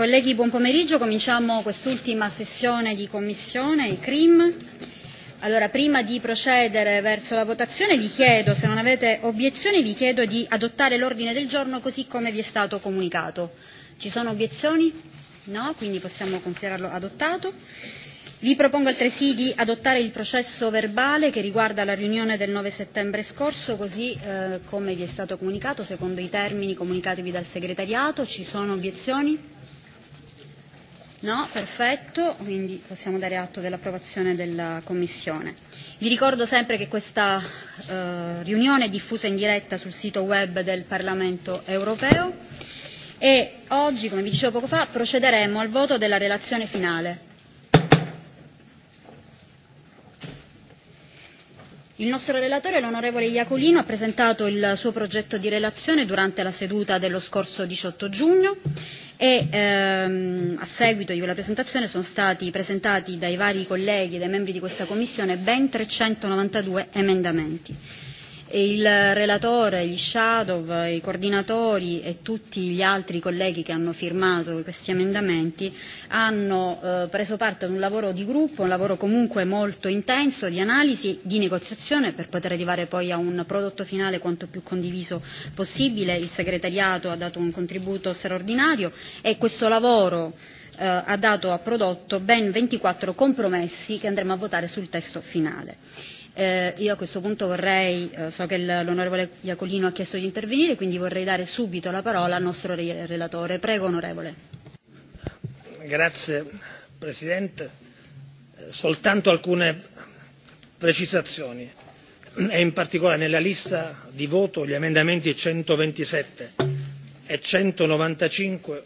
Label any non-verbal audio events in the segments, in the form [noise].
Colleghi, buon pomeriggio. Cominciamo quest'ultima sessione di commissione, il CRIM. Allora, prima di procedere verso la votazione vi chiedo, se non avete obiezioni, vi chiedo di adottare l'ordine del giorno così come vi è stato comunicato. Ci sono obiezioni? No? Quindi possiamo considerarlo adottato. Vi propongo altresì di adottare il processo verbale che riguarda la riunione del 9 settembre scorso, così eh, come vi è stato comunicato, secondo i termini comunicatevi dal segretariato. Ci sono obiezioni? No, perfetto, quindi possiamo dare atto dell'approvazione della Commissione. Vi ricordo sempre che questa eh, riunione è diffusa in diretta sul sito web del Parlamento europeo e oggi, come vi dicevo poco fa, procederemo al voto della relazione finale. Il nostro relatore, l'onorevole Iacolino, ha presentato il suo progetto di relazione durante la seduta dello scorso 18 giugno e ehm, a seguito di quella presentazione sono stati presentati dai vari colleghi e dai membri di questa Commissione ben 392 emendamenti e il relatore, gli shadow, i coordinatori e tutti gli altri colleghi che hanno firmato questi emendamenti hanno eh, preso parte ad un lavoro di gruppo, un lavoro comunque molto intenso di analisi, di negoziazione per poter arrivare poi a un prodotto finale quanto più condiviso possibile. Il segretariato ha dato un contributo straordinario e questo lavoro eh, ha dato a prodotto ben 24 compromessi che andremo a votare sul testo finale. Eh, io a questo punto vorrei, eh, so che l'onorevole Iacolino ha chiesto di intervenire, quindi vorrei dare subito la parola al nostro relatore. Prego, onorevole. Grazie, Presidente. Eh, soltanto alcune precisazioni e in particolare nella lista di voto gli emendamenti 127 e 195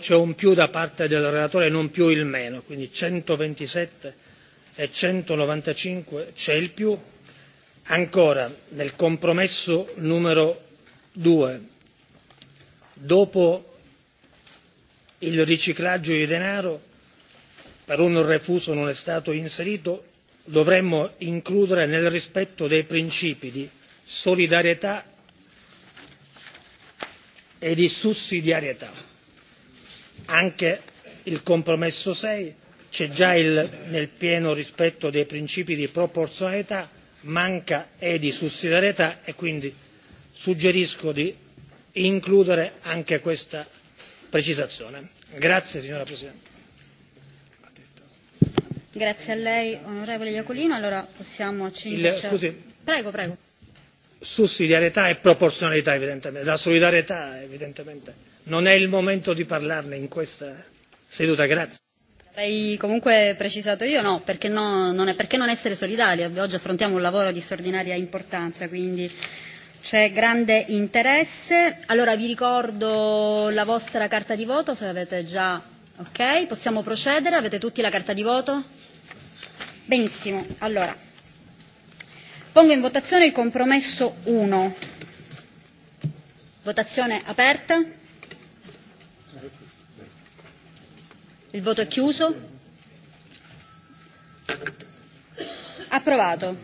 c'è un più da parte del relatore e non più il meno, quindi 127 e centonovantacinque più, ancora nel compromesso numero due dopo il riciclaggio di denaro per un refuso non è stato inserito dovremmo includere nel rispetto dei principi di solidarietà e di sussidiarietà. anche il compromesso sei c'è già il, nel pieno rispetto dei principi di proporzionalità manca e di sussidiarietà e quindi suggerisco di includere anche questa precisazione. grazie signora presidente. grazie a lei onorevole iacolino allora possiamo Scusi. prego prego. sussidiarietà e proporzionalità evidentemente la solidarietà evidentemente non è il momento di parlarne in questa seduta. grazie. Avrei comunque precisato io no, perché, no, non è, perché non essere solidali? Oggi affrontiamo un lavoro di straordinaria importanza, quindi c'è grande interesse. Allora vi ricordo la vostra carta di voto, se l'avete già. Ok, possiamo procedere? Avete tutti la carta di voto? Benissimo, allora. Pongo in votazione il compromesso 1. Votazione aperta. Il voto è chiuso. Approvato.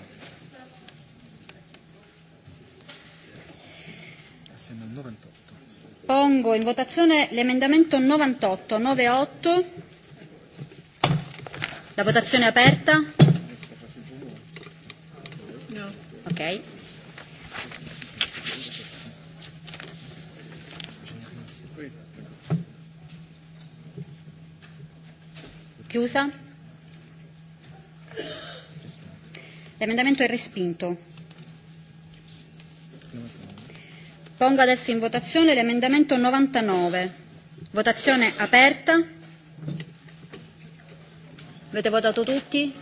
Pongo in votazione l'emendamento 98, 98. La votazione è aperta. chiusa. L'emendamento è respinto. Pongo adesso in votazione l'emendamento 99. Votazione aperta. Avete votato tutti?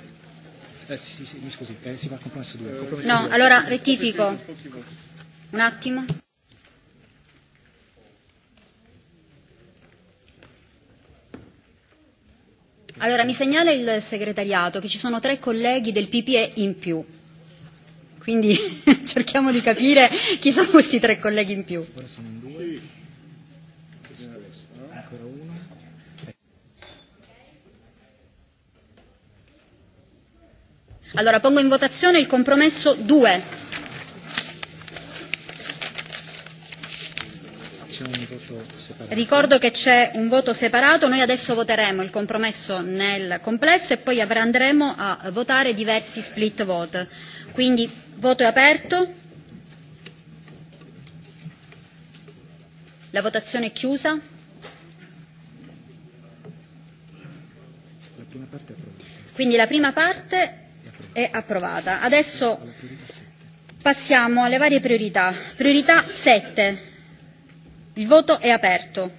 Eh, sì, sì, sì, mi scusi, eh, si va a compromesso 2. no, due. allora rettifico. Un attimo. Allora, mi segnala il segretariato che ci sono tre colleghi del PPE in più. Quindi [laughs] cerchiamo di capire chi sono questi tre colleghi in più. Allora, pongo in votazione il compromesso 2. Ricordo che c'è un voto separato, noi adesso voteremo il compromesso nel complesso e poi andremo a votare diversi split vote. Quindi voto è aperto. La votazione è chiusa. Quindi la prima parte è approvata. Adesso passiamo alle varie priorità. Priorità 7 Il voto è aperto.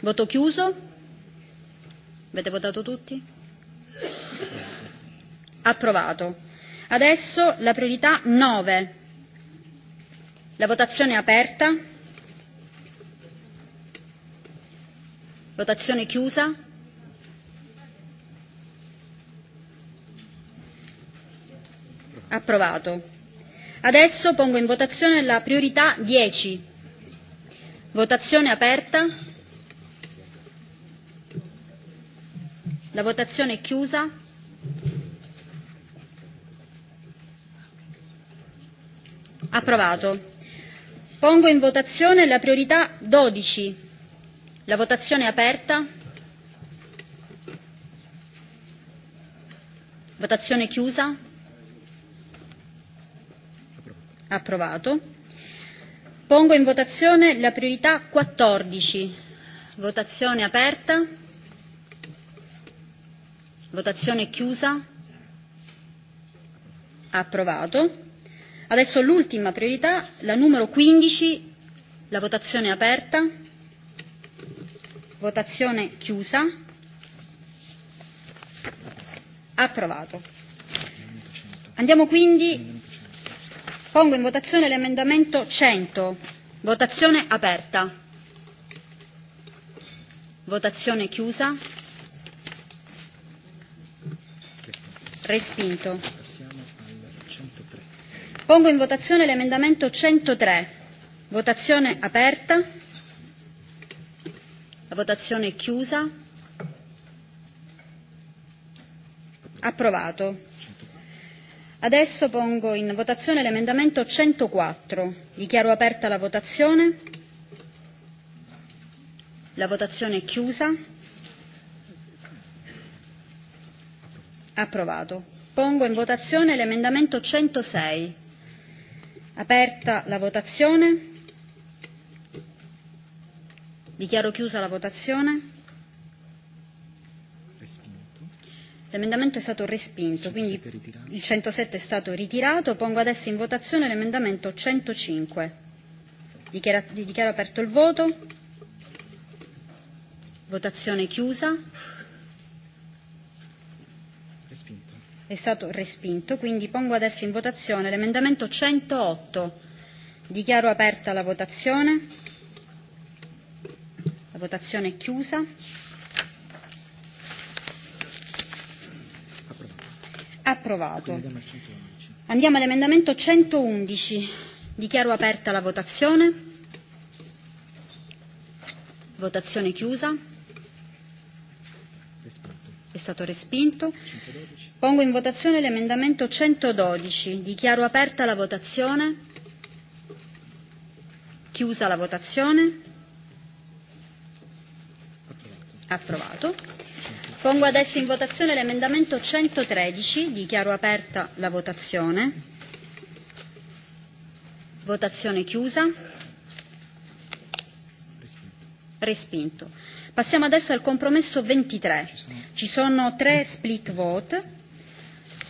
Voto chiuso. Avete votato tutti? Approvato. Adesso la priorità 9. La votazione è aperta. Votazione chiusa. Approvato Adesso pongo in votazione la priorità 10. Votazione aperta. La votazione è chiusa. Approvato. Pongo in votazione la priorità 12. La votazione è aperta. Votazione chiusa approvato pongo in votazione la priorità 14 votazione aperta votazione chiusa approvato adesso l'ultima priorità la numero 15 la votazione aperta votazione chiusa approvato andiamo quindi Pongo in votazione l'emendamento 100. Votazione aperta. Votazione chiusa. Respinto. Pongo in votazione l'emendamento 103. Votazione aperta. La votazione chiusa. Approvato. Adesso pongo in votazione l'emendamento 104. Dichiaro aperta la votazione. La votazione è chiusa. Approvato. Pongo in votazione l'emendamento 106. Aperta la votazione. Dichiaro chiusa la votazione. L'emendamento è stato respinto, quindi il 107 è stato ritirato. Pongo adesso in votazione l'emendamento 105. dichiaro aperto il voto. Votazione chiusa. Respinto. È stato respinto, quindi pongo adesso in votazione l'emendamento 108. Dichiaro aperta la votazione. La votazione è chiusa. Approvato. Andiamo all'emendamento 111. Dichiaro aperta la votazione. Votazione chiusa. È stato respinto. Pongo in votazione l'emendamento 112. Dichiaro aperta la votazione. Chiusa la votazione. Approvato. Pongo adesso in votazione l'emendamento 113, dichiaro aperta la votazione. Votazione chiusa. Respinto. Passiamo adesso al compromesso 23. Ci sono tre split vote.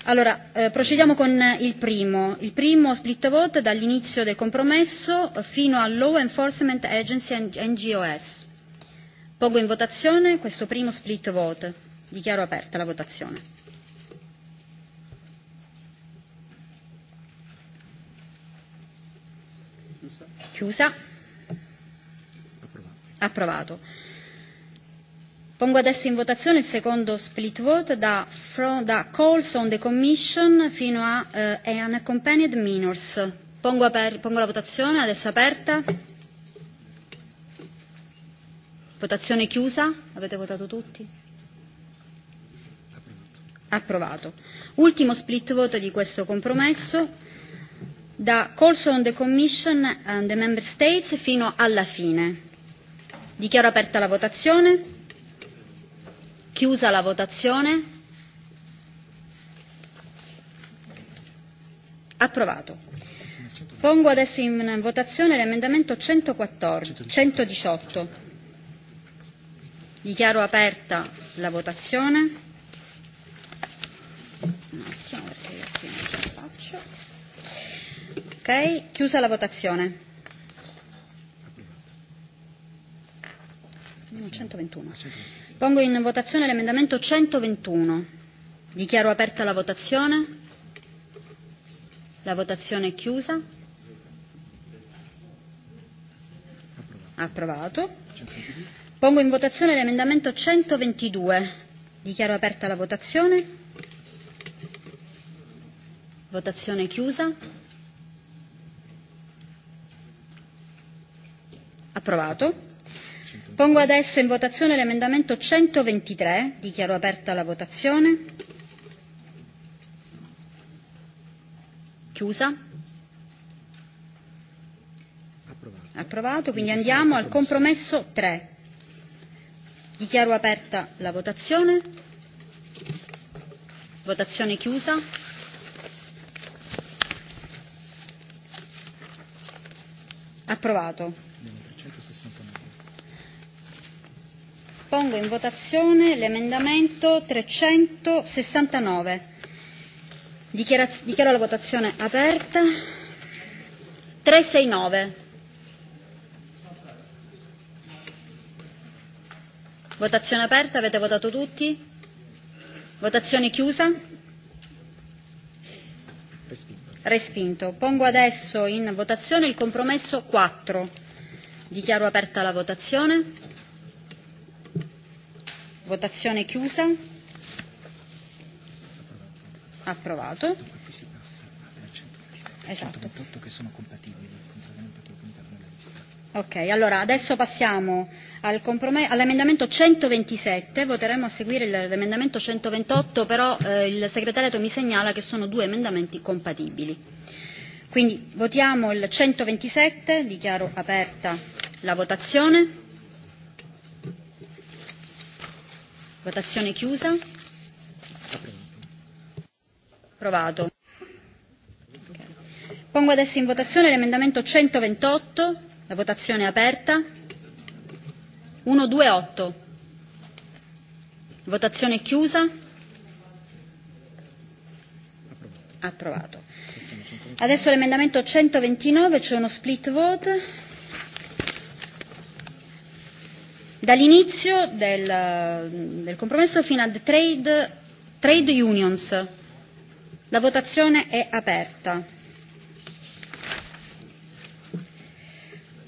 Allora, eh, procediamo con il primo. Il primo split vote dall'inizio del compromesso fino al Law Enforcement Agency NGOS. Pongo in votazione questo primo split vote. Dichiaro aperta la votazione. Chiusa. Approvato. Pongo adesso in votazione il secondo split vote da, da calls on the commission fino a uh, minors. Pongo, aper, pongo la votazione, adesso aperta. Votazione chiusa. Avete votato tutti? approvato. Ultimo split vote di questo compromesso da calls on the Commission and the Member States fino alla fine. Dichiaro aperta la votazione. Chiusa la votazione. Approvato. Pongo adesso in votazione l'emendamento 114, 118. Dichiaro aperta la votazione. Ok, chiusa la votazione. 121. Pongo in votazione l'emendamento 121. Dichiaro aperta la votazione. La votazione è chiusa. Approvato. Pongo in votazione l'emendamento 122. Dichiaro aperta la votazione. Votazione chiusa. Approvato. Pongo adesso in votazione l'emendamento 123. Dichiaro aperta la votazione. Chiusa. Approvato. Approvato. Quindi andiamo al compromesso 3. Dichiaro aperta la votazione. Votazione chiusa. Approvato. Pongo in votazione l'emendamento 369. dichiaro la votazione aperta. 369. Votazione aperta, avete votato tutti? Votazione chiusa? Respinto. Respinto. Pongo adesso in votazione il compromesso 4. Dichiaro aperta la votazione. Votazione chiusa. Approvato. Esatto. che sono compatibili Ok, allora adesso passiamo al all'emendamento 127, voteremo a seguire l'emendamento 128, però eh, il segretariato mi segnala che sono due emendamenti compatibili. Quindi votiamo il 127, dichiaro aperta la votazione. Votazione chiusa. Approvato. Okay. Pongo adesso in votazione l'emendamento 128. La votazione è aperta. 128. Votazione chiusa. Approvato. Adesso l'emendamento 129, c'è uno split vote. Dall'inizio del, del compromesso fino al trade, trade unions. La votazione è aperta.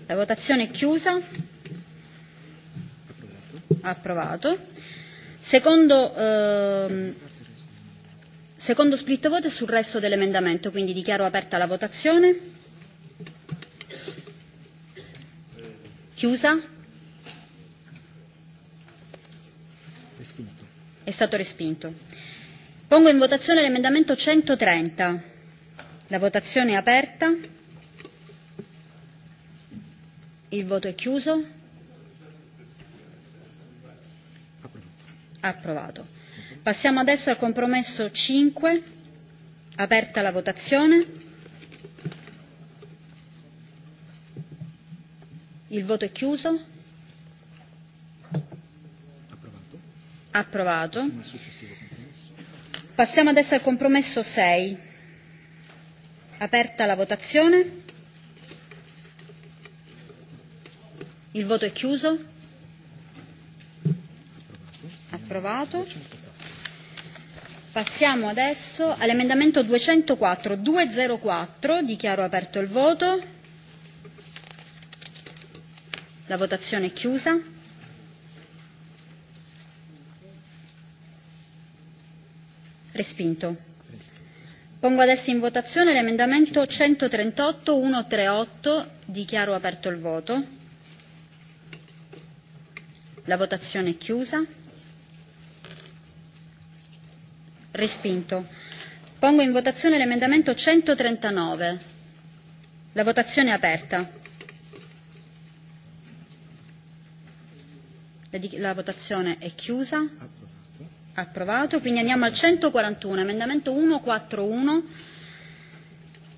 La votazione è chiusa. Approvato. Secondo, eh, secondo split vote sul resto dell'emendamento, quindi dichiaro aperta la votazione. Chiusa. È stato respinto. Pongo in votazione l'emendamento 130. La votazione è aperta. Il voto è chiuso. Approvato. Passiamo adesso al compromesso 5. Aperta la votazione. Il voto è chiuso. approvato passiamo adesso al compromesso 6 aperta la votazione il voto è chiuso approvato passiamo adesso all'emendamento 204 204 dichiaro aperto il voto la votazione è chiusa Respinto. Pongo adesso in votazione l'emendamento 138.138. Dichiaro aperto il voto. La votazione è chiusa. Respinto. Pongo in votazione l'emendamento 139. La votazione è aperta. La, la votazione è chiusa. Approvato. Quindi andiamo al 141, emendamento 141.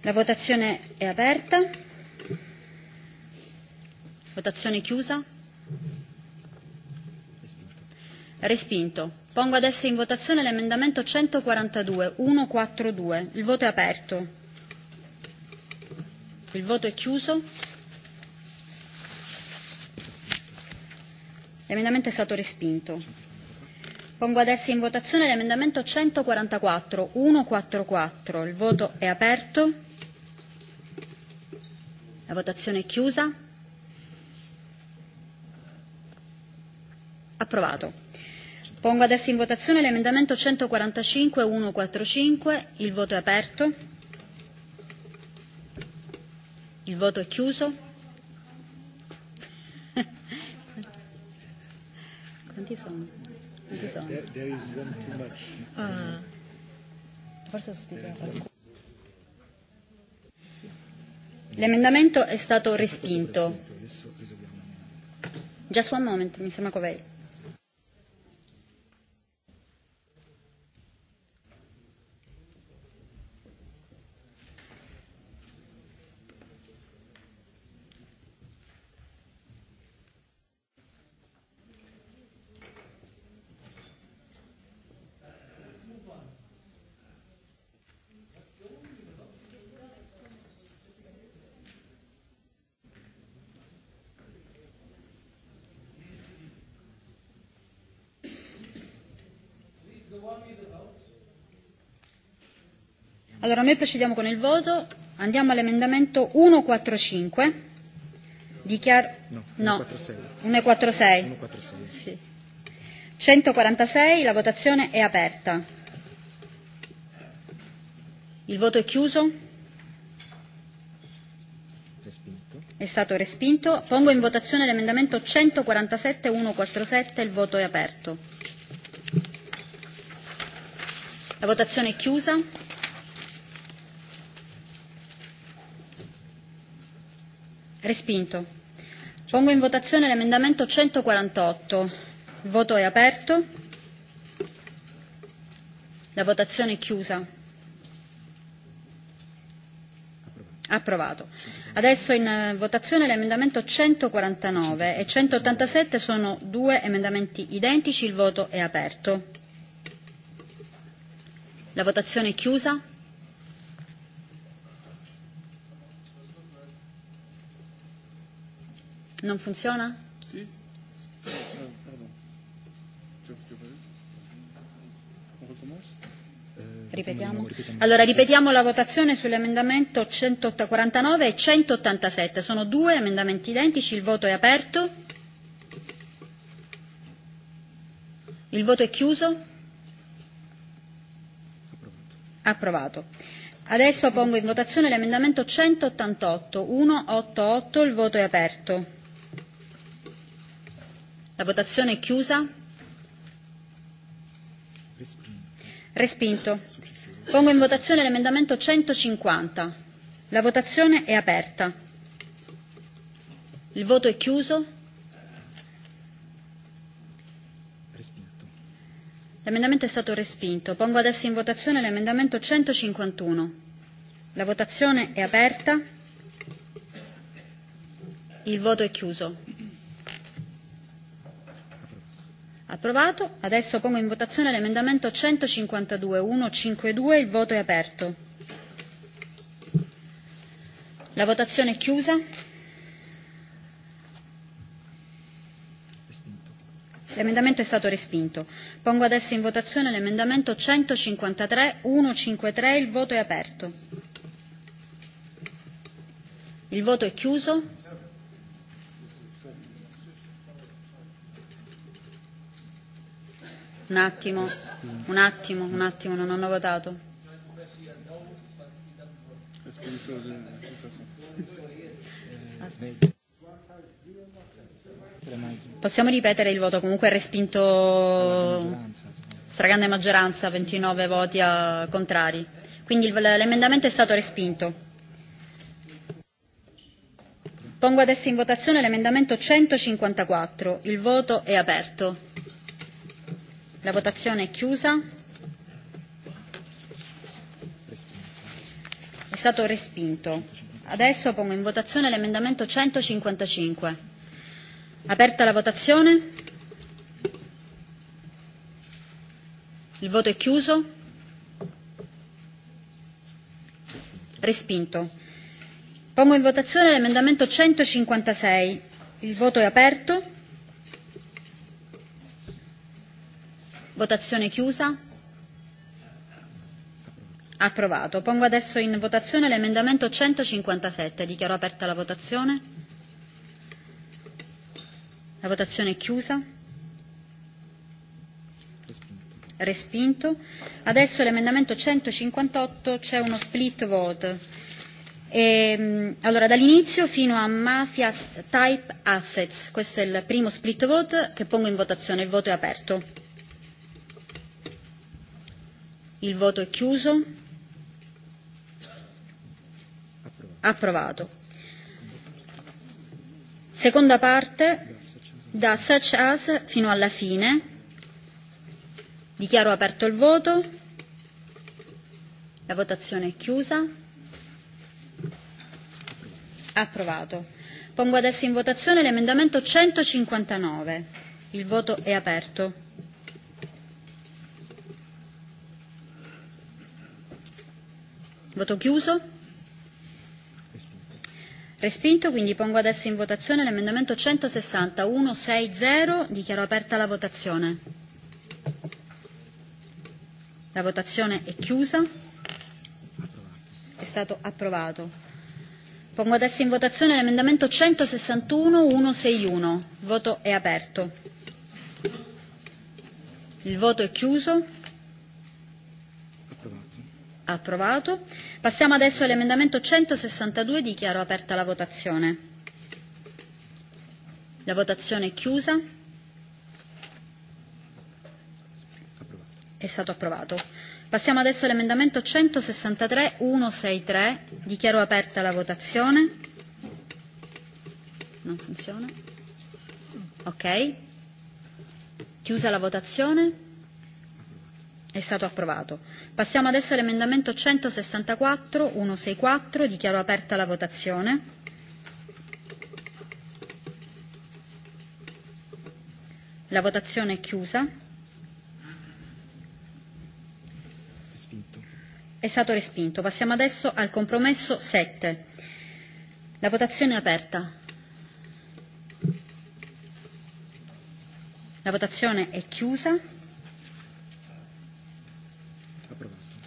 La votazione è aperta. Votazione chiusa. Respinto. Pongo adesso in votazione l'emendamento 142, 142. Il voto è aperto. Il voto è chiuso. L'emendamento è stato respinto. Pongo adesso in votazione l'emendamento 144, 144. Il voto è aperto. La votazione è chiusa. Approvato. Pongo adesso in votazione l'emendamento 145, 145. Il voto è aperto. Il voto è chiuso. [laughs] Quanti sono? This is on. There, there is one too much. Ah. L'emendamento è stato respinto. Just one moment, mi sembra Covei. Allora, noi procediamo con il voto. Andiamo all'emendamento 145. Dichiaro... No, no 146. 146. Sì. 146, la votazione è aperta. Il voto è chiuso. Respinto. È stato respinto. Pongo in votazione l'emendamento 147-147, il voto è aperto. La votazione è chiusa. Respinto. Pongo in votazione l'emendamento 148. Il voto è aperto. La votazione è chiusa. Approvato. Adesso in eh, votazione l'emendamento 149 e 187 sono due emendamenti identici. Il voto è aperto. La votazione è chiusa. Non funziona? Sì. Ripetiamo. Allora ripetiamo la votazione sull'emendamento 149 e 187. Sono due emendamenti identici, il voto è aperto. Il voto è chiuso. Approvato. Adesso pongo in votazione l'emendamento 188 188, il voto è aperto. La votazione è chiusa. Respinto. Pongo in votazione l'emendamento 150. La votazione è aperta. Il voto è chiuso. L'emendamento è stato respinto. Pongo adesso in votazione l'emendamento 151. La votazione è aperta. Il voto è chiuso. Approvato. Adesso pongo in votazione l'emendamento 152 152, il voto è aperto. La votazione è chiusa. L'emendamento è stato respinto. Pongo adesso in votazione l'emendamento 153 153, il voto è aperto. Il voto è chiuso. Un attimo, un attimo, un attimo, non ho votato. Possiamo ripetere il voto, comunque è respinto stragrande maggioranza, 29 voti a contrari. Quindi l'emendamento è stato respinto. Pongo adesso in votazione l'emendamento 154. Il voto è aperto. La votazione è chiusa. È stato respinto. Adesso pongo in votazione l'emendamento 155. Aperta la votazione. Il voto è chiuso. Respinto. Pongo in votazione l'emendamento 156. Il voto è aperto. Votazione chiusa. Approvato. Pongo adesso in votazione l'emendamento 157. Dichiaro aperta la votazione. La votazione è chiusa. Respinto. Adesso l'emendamento 158 c'è uno split vote. E, allora, dall'inizio fino a Mafia Type Assets. Questo è il primo split vote che pongo in votazione. Il voto è aperto. Il voto è chiuso. Approvato. Seconda parte, da such as fino alla fine. Dichiaro aperto il voto. La votazione è chiusa. Approvato. Pongo adesso in votazione l'emendamento 159. Il voto è aperto. Voto chiuso? Respinto, quindi pongo adesso in votazione l'emendamento 160 Dichiaro aperta la votazione. La votazione è chiusa. È stato approvato. Pongo adesso in votazione l'emendamento 161161 Voto è aperto. Il voto è chiuso approvato. Passiamo adesso all'emendamento 162, dichiaro aperta la votazione. La votazione è chiusa. È stato approvato. Passiamo adesso all'emendamento 163 163, dichiaro aperta la votazione. Non funziona. Ok. Chiusa la votazione. È stato approvato. Passiamo adesso all'emendamento 164 164, dichiaro aperta la votazione. La votazione è chiusa. È stato respinto. Passiamo adesso al compromesso 7. La votazione è aperta. La votazione è chiusa.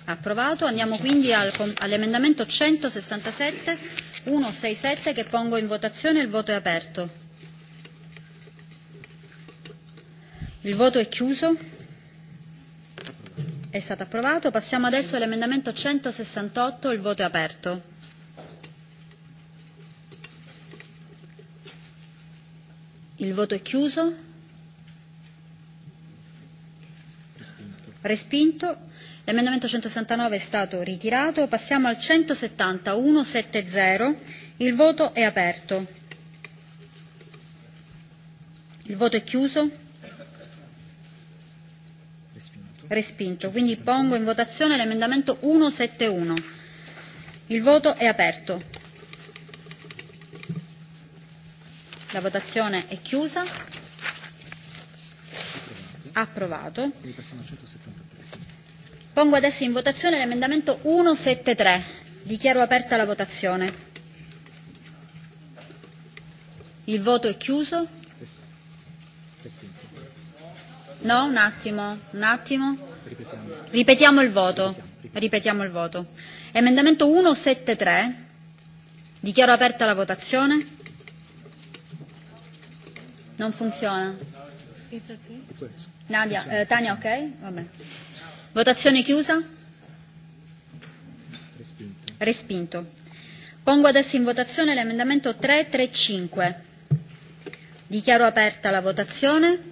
Approvato. Andiamo quindi al, all'emendamento 167, 167 che pongo in votazione. Il voto è aperto. Il voto è chiuso. È stato approvato. Passiamo adesso all'emendamento 168. Il voto è aperto. Il voto è chiuso. Respinto l'emendamento 169 è stato ritirato e passiamo al 170 il voto è aperto il voto è chiuso respinto quindi pongo in votazione l'emendamento 171 il voto è aperto la votazione è chiusa approvato quindi passiamo 172 Pongo adesso in votazione l'emendamento 173. Dichiaro aperta la votazione. Il voto è chiuso. No, un attimo, un attimo. Ripetiamo il voto. Ripetiamo il voto. Emendamento 173. Dichiaro aperta la votazione. Non funziona. Nadia, eh, Tania, ok? Vabbè. Votazione chiusa? Respinto. Respinto. Pongo adesso in votazione l'emendamento 335. Dichiaro aperta la votazione.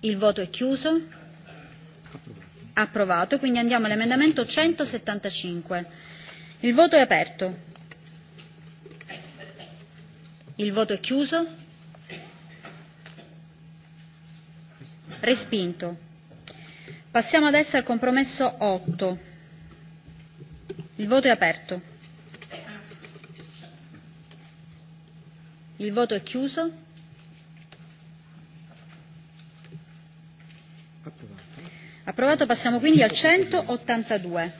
Il voto è chiuso. Approvato. Approvato. Quindi andiamo all'emendamento 175. Il voto è aperto. Il voto è chiuso. respinto passiamo adesso al compromesso 8 il voto è aperto il voto è chiuso approvato passiamo quindi al 182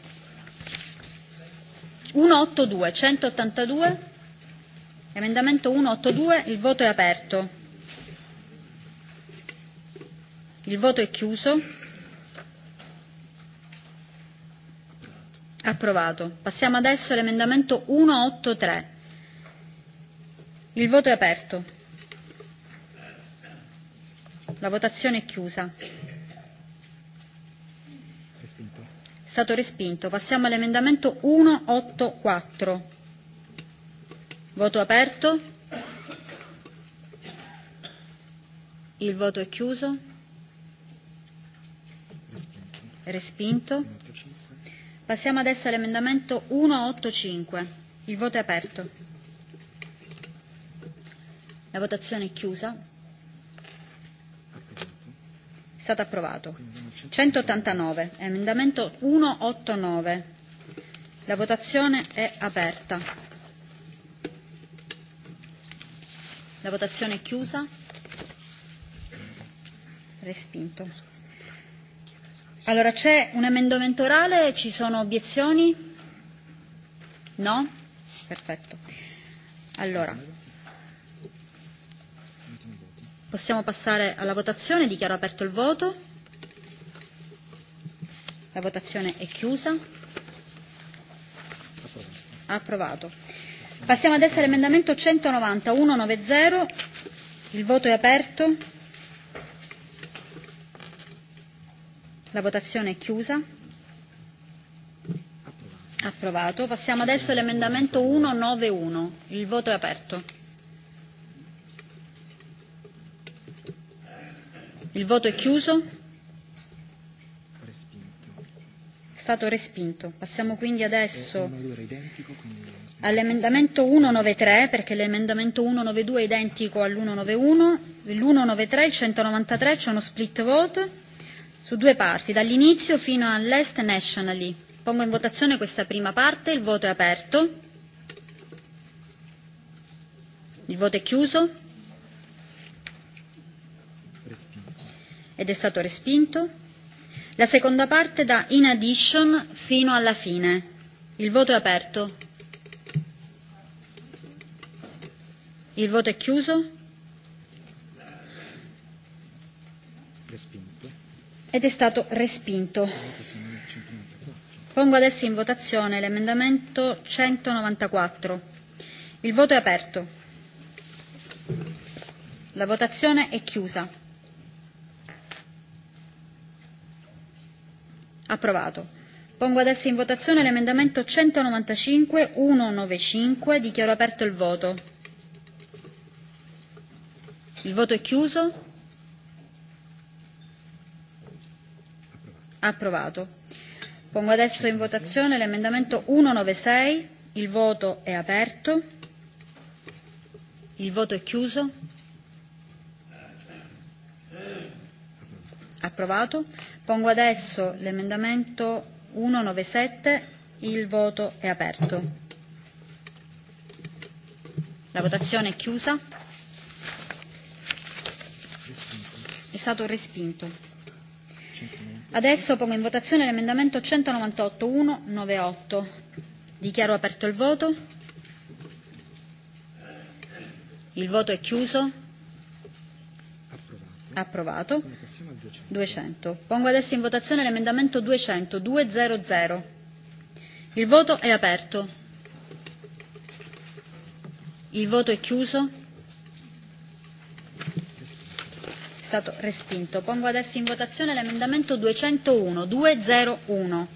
182 182 emendamento 182 il voto è aperto Il voto è chiuso. Approvato. Passiamo adesso all'emendamento 183. Il voto è aperto. La votazione è chiusa. Respinto. È stato respinto. Passiamo all'emendamento 184. Voto aperto. Il voto è chiuso. Respinto. Passiamo adesso all'emendamento 185. Il voto è aperto. La votazione è chiusa. È stato approvato. 189. Emendamento 189. La votazione è aperta. La votazione è chiusa. Respinto. Allora c'è un emendamento orale, ci sono obiezioni? No? Perfetto. Allora, possiamo passare alla votazione, dichiaro aperto il voto. La votazione è chiusa. Approvato. Passiamo adesso all'emendamento 190 190. Il voto è aperto. La votazione è chiusa. Approvato. Passiamo adesso all'emendamento 191. Il voto è aperto. Il voto è chiuso. Respinto. È stato respinto. Passiamo quindi adesso all'emendamento 193 perché l'emendamento 192 è identico all'191. L'193, e il 193 c'è uno split vote su due parti, dall'inizio fino all'est nationally. Pongo in votazione questa prima parte, il voto è aperto. Il voto è chiuso. Ed è stato respinto. La seconda parte da in addition fino alla fine. Il voto è aperto. Il voto è chiuso. Respinto ed è stato respinto. Pongo adesso in votazione l'emendamento 194. Il voto è aperto. La votazione è chiusa. Approvato. Pongo adesso in votazione l'emendamento 195 195. Dichiaro aperto il voto. Il voto è chiuso. approvato pongo adesso in votazione l'emendamento 196 il voto è aperto il voto è chiuso approvato pongo adesso l'emendamento 197 il voto è aperto la votazione è chiusa è stato respinto Adesso pongo in votazione l'emendamento 198.198. Dichiaro aperto il voto. Il voto è chiuso. Approvato. 200. Pongo adesso in votazione l'emendamento 200. 200. Il voto è aperto. Il voto è chiuso. stato respinto. Pongo adesso in votazione l'emendamento 201. 201.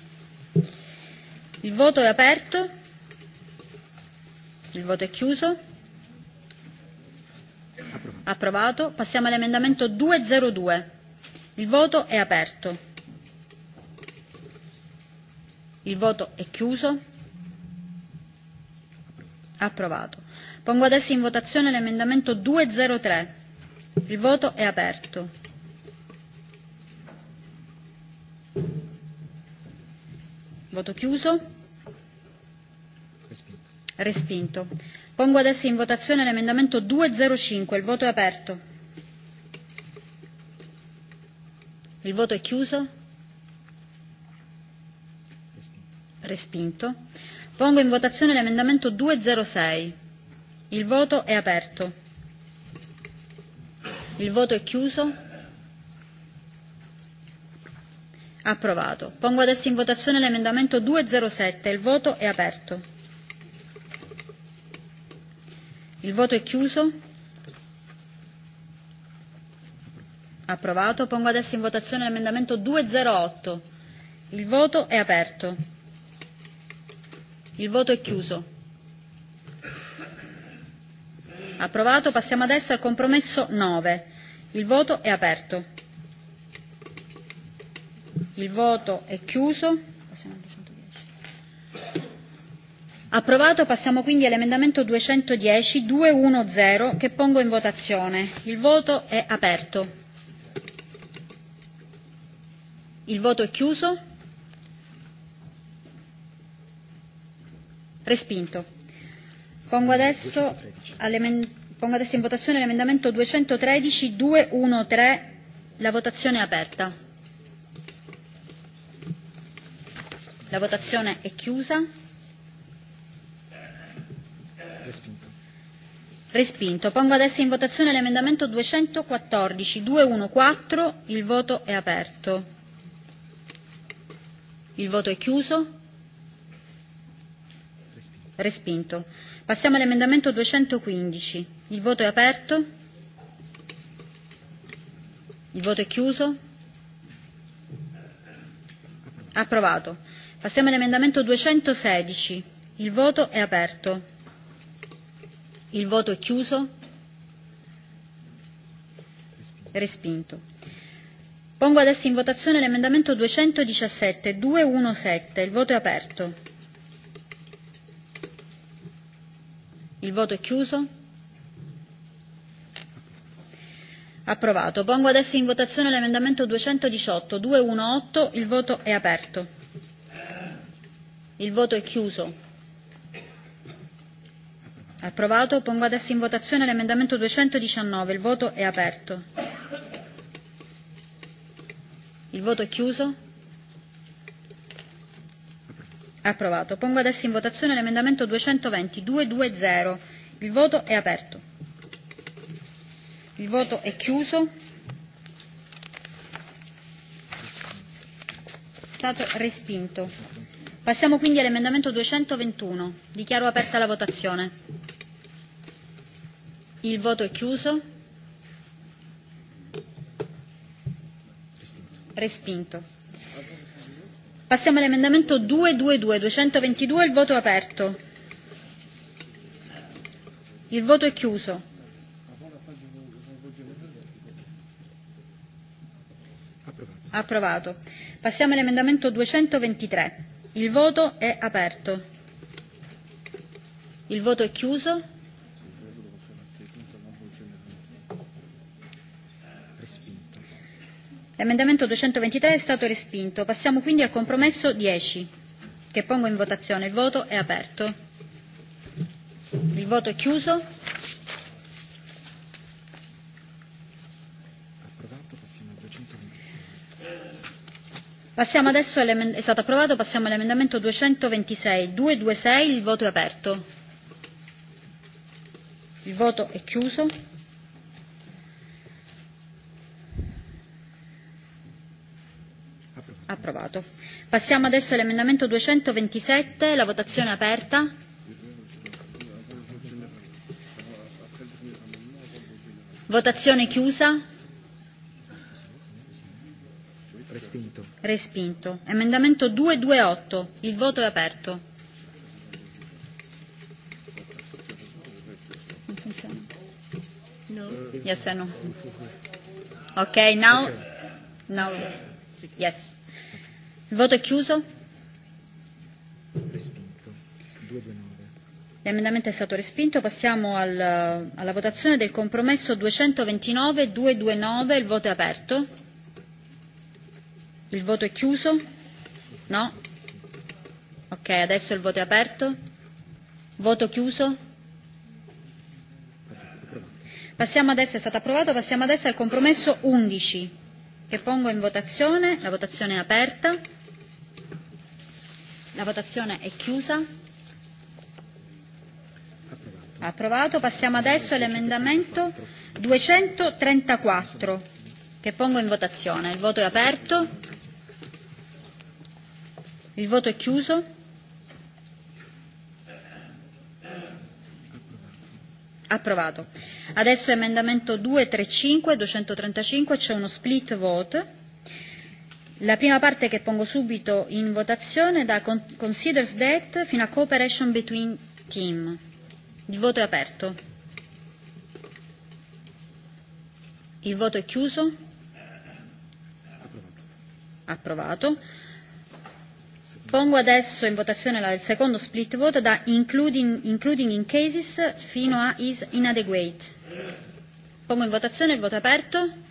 Il voto è aperto. Il voto è chiuso. Approvato. Passiamo all'emendamento 202. Il voto è aperto. Il voto è chiuso. Approvato. Pongo adesso in votazione l'emendamento 203. Il voto è aperto. Voto chiuso. Respinto. Respinto. Pongo adesso in votazione l'emendamento 205. Il voto è aperto. Il voto è chiuso. Respinto. Respinto. Pongo in votazione l'emendamento 206. Il voto è aperto. Il voto è chiuso. Approvato. Pongo adesso in votazione l'emendamento 207. Il voto è aperto. Il voto è chiuso. Approvato. Pongo adesso in votazione l'emendamento 208. Il voto è aperto. Il voto è chiuso approvato passiamo adesso al compromesso 9 il voto è aperto il voto è chiuso approvato passiamo quindi all'emendamento 210 210 che pongo in votazione il voto è aperto il voto è chiuso respinto Pongo adesso, pongo adesso in votazione l'emendamento 213-213. La votazione è aperta. La votazione è chiusa. Respinto. Respinto. Pongo adesso in votazione l'emendamento 214-214. Il voto è aperto. Il voto è chiuso. Respinto. Respinto. Passiamo all'emendamento 215. Il voto è aperto. Il voto è chiuso. Approvato. Passiamo all'emendamento 216. Il voto è aperto. Il voto è chiuso. Respinto. Pongo adesso in votazione l'emendamento 217 217. Il voto è aperto. Il voto è chiuso. Approvato. Pongo adesso in votazione l'emendamento 218 218. Il voto è aperto. Il voto è chiuso. Approvato. Pongo adesso in votazione l'emendamento 219. Il voto è aperto. Il voto è chiuso. Approvato. Pongo adesso in votazione l'emendamento 220 Il voto è aperto. Il voto è chiuso. È stato respinto. Passiamo quindi all'emendamento 221. Dichiaro aperta la votazione. Il voto è chiuso. Respinto. Passiamo all'emendamento 222, 222, il voto è aperto. Il voto è chiuso. Approvato. Passiamo all'emendamento 223. Il voto è aperto. Il voto è chiuso. L'emendamento 223 è stato respinto. Passiamo quindi al compromesso 10, che pongo in votazione. Il voto è aperto. Il voto è chiuso. Passiamo adesso è stato approvato, passiamo all'emendamento 226. 226, il voto è aperto. Il voto è chiuso. approvato. Passiamo adesso all'emendamento 227, la votazione è aperta. Votazione chiusa. Respinto. Respinto. Emendamento 228, il voto è aperto. No. Yes, I know. Okay, now, now, yes. Il voto è chiuso. Respinto. 229. L'emendamento è stato respinto. Passiamo al, alla votazione del compromesso 229-229. Il voto è aperto. Il voto è chiuso. No. Ok, adesso il voto è aperto. Voto chiuso. Passiamo adesso, è stato approvato, passiamo adesso al compromesso 11 che pongo in votazione, la votazione è aperta. La votazione è chiusa. Approvato. Approvato. Passiamo adesso all'emendamento 234 che pongo in votazione. Il voto è aperto. Il voto è chiuso. Approvato. Adesso emendamento 235 235 c'è uno split vote. La prima parte che pongo subito in votazione da Considers That fino a Cooperation Between Team. Il voto è aperto. Il voto è chiuso. Approvato. Pongo adesso in votazione la, il secondo split vote da including, including in cases fino a is inadequate. Pongo in votazione il voto aperto.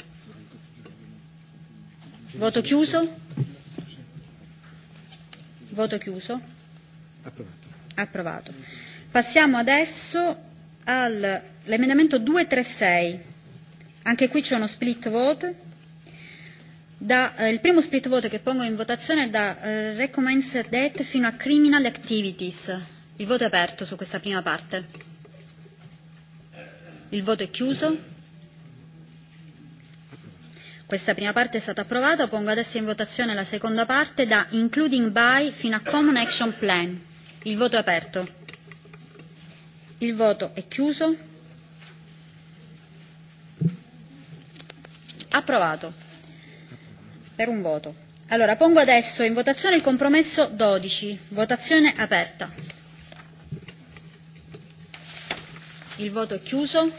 Voto chiuso? Voto chiuso? Approvato. Approvato. Passiamo adesso all'emendamento 236. Anche qui c'è uno split vote. Da, eh, il primo split vote che pongo in votazione è da eh, recommends debt fino a criminal activities. Il voto è aperto su questa prima parte. Il voto è chiuso. Questa prima parte è stata approvata, pongo adesso in votazione la seconda parte da including by fino a common action plan. Il voto è aperto. Il voto è chiuso. Approvato. Per un voto. Allora, pongo adesso in votazione il compromesso 12. Votazione aperta. Il voto è chiuso.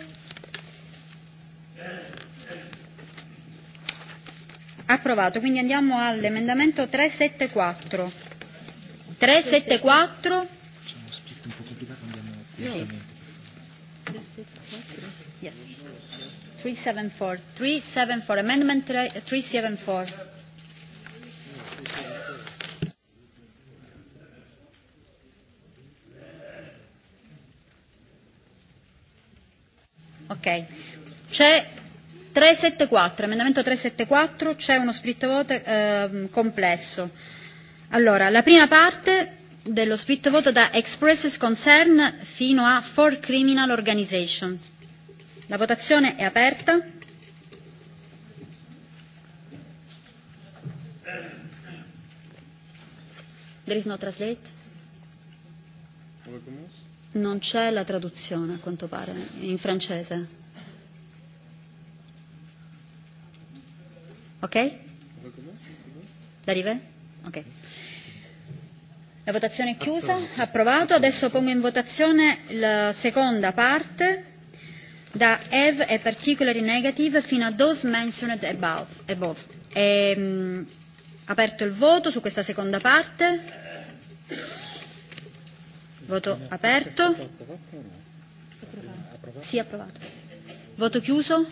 Approvato, quindi andiamo all'emendamento 374. 374. Sì. 374. 374. Amendment 374. Ok. C'è 374, emendamento 374, c'è uno split vote ehm, complesso. Allora, la prima parte dello split vote da expresses concern fino a for criminal organizations. La votazione è aperta. There is no translate. Non c'è la traduzione, a quanto pare, in francese. Ok Ok. La votazione è chiusa, approvato. Adesso pongo in votazione la seconda parte da Ev e particular negative fino a those mentioned above. above. E, aperto il voto su questa seconda parte. Voto aperto. Sì, approvato. Voto chiuso.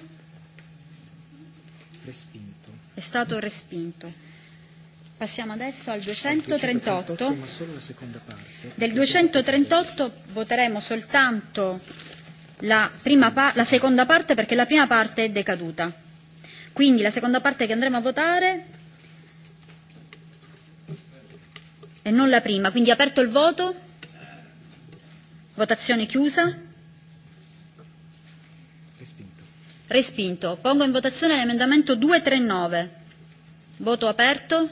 Respinto è stato respinto. Passiamo adesso al 238. Del 238 voteremo soltanto la, prima pa-, la seconda parte perché la prima parte è decaduta. Quindi la seconda parte che andremo a votare e non la prima. Quindi aperto il voto. Votazione chiusa. Respinto. Pongo in votazione l'emendamento 239. Voto aperto.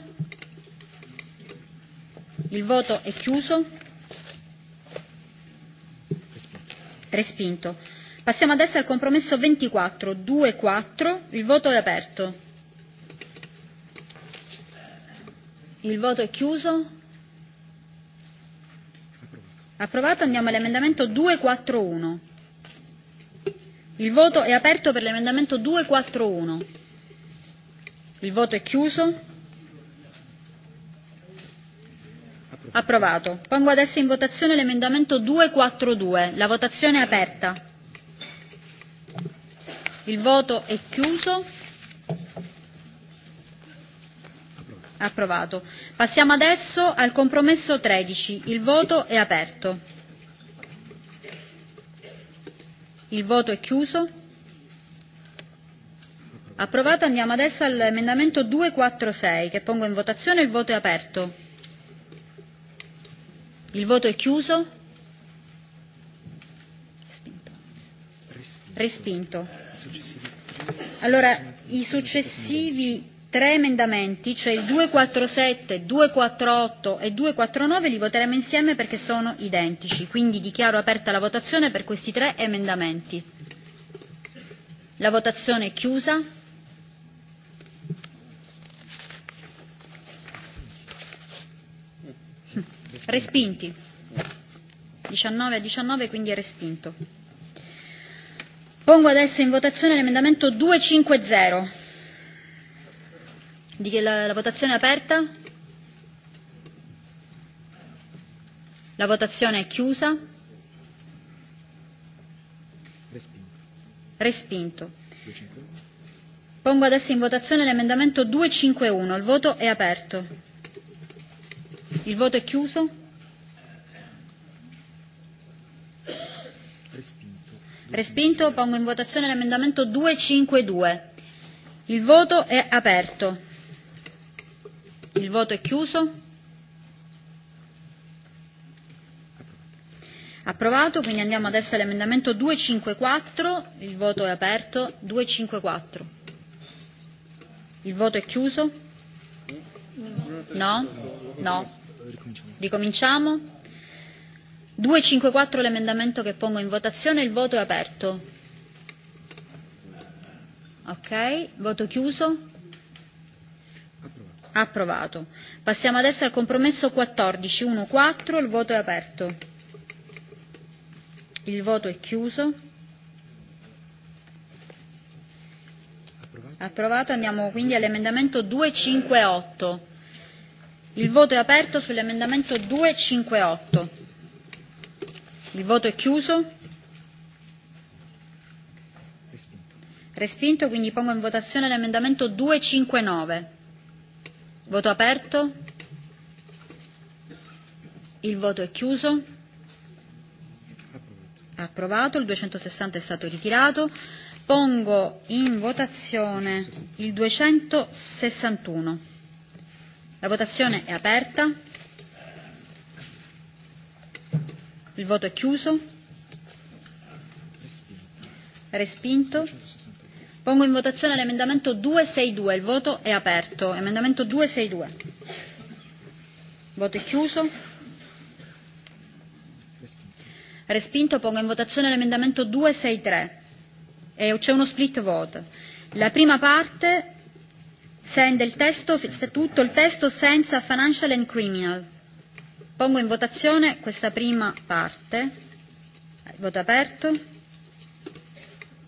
Il voto è chiuso. Respinto. Passiamo adesso al compromesso 24. Il voto è aperto. Il voto è chiuso. Approvato. Andiamo all'emendamento 241. Il voto è aperto per l'emendamento 241. Il voto è chiuso. Approvato. Pongo adesso in votazione l'emendamento 242. La votazione è aperta. Il voto è chiuso. Approvato. Passiamo adesso al compromesso 13. Il voto è aperto. Il voto è chiuso. Approvato andiamo adesso all'emendamento 246 che pongo in votazione. Il voto è aperto. Il voto è chiuso. Respinto. Respinto. Allora, i successivi tre emendamenti, cioè il 247, 248 e 249, li voteremo insieme perché sono identici. Quindi dichiaro aperta la votazione per questi tre emendamenti. La votazione è chiusa. Respinti. 19 a 19, quindi è respinto. Pongo adesso in votazione l'emendamento 250. Di la, la votazione è aperta. La votazione è chiusa. Respinto. Respinto. Pongo adesso in votazione l'emendamento 251. Il voto è aperto. Il voto è chiuso. Respinto. Respinto. Pongo in votazione l'emendamento 252. Il voto è aperto. Il voto è chiuso. Approvato, quindi andiamo adesso all'emendamento 254, il voto è aperto, 254. Il voto è chiuso? No? No. Ricominciamo. 254 l'emendamento che pongo in votazione, il voto è aperto. Ok, voto chiuso. Approvato. Passiamo adesso al compromesso 14.1.4. Il voto è aperto. Il voto è chiuso. Approvato. Andiamo quindi all'emendamento 258. Il voto è aperto sull'emendamento 258. Il voto è chiuso. Respinto. Respinto, quindi pongo in votazione l'emendamento 259. Voto aperto. Il voto è chiuso. Approvato. Il 260 è stato ritirato. Pongo in votazione il 261. La votazione è aperta. Il voto è chiuso. Respinto. Pongo in votazione l'emendamento 262. Il voto è aperto. Emendamento 262. Voto è chiuso. Respinto. Pongo in votazione l'emendamento 263. E c'è uno split vote. La prima parte sende il testo, tutto il testo senza financial and criminal. Pongo in votazione questa prima parte. Voto aperto.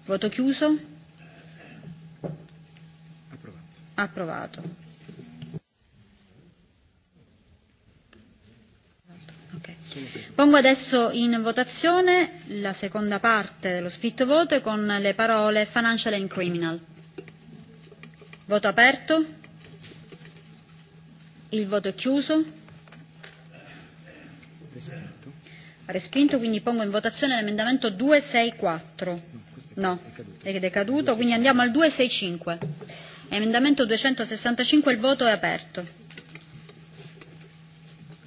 Voto chiuso approvato. Pongo adesso in votazione la seconda parte dello split vote con le parole financial and criminal. Voto aperto. Il voto è chiuso. Respinto. Respinto, quindi pongo in votazione l'emendamento 264. No, è decaduto, quindi andiamo al 265. Emendamento 265, il voto è aperto.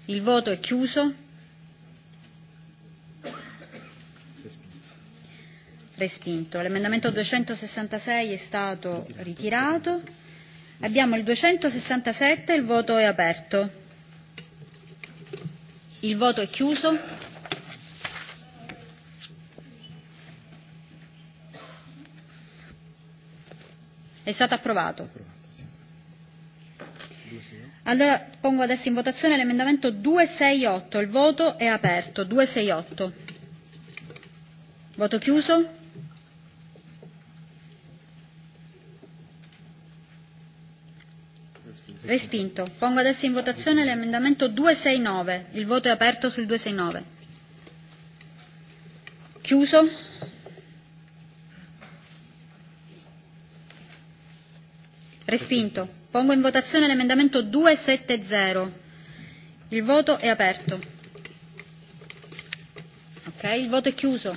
Il voto è chiuso. Respinto. L'emendamento 266 è stato ritirato. Abbiamo il 267, il voto è aperto. Il voto è chiuso. È stato approvato. Allora pongo adesso in votazione l'emendamento 268. Il voto è aperto. 268. Voto chiuso. Respinto. Pongo adesso in votazione l'emendamento 269. Il voto è aperto sul 269. Chiuso. Respinto. Pongo in votazione l'emendamento 270. Il voto è aperto. Ok, il voto è chiuso.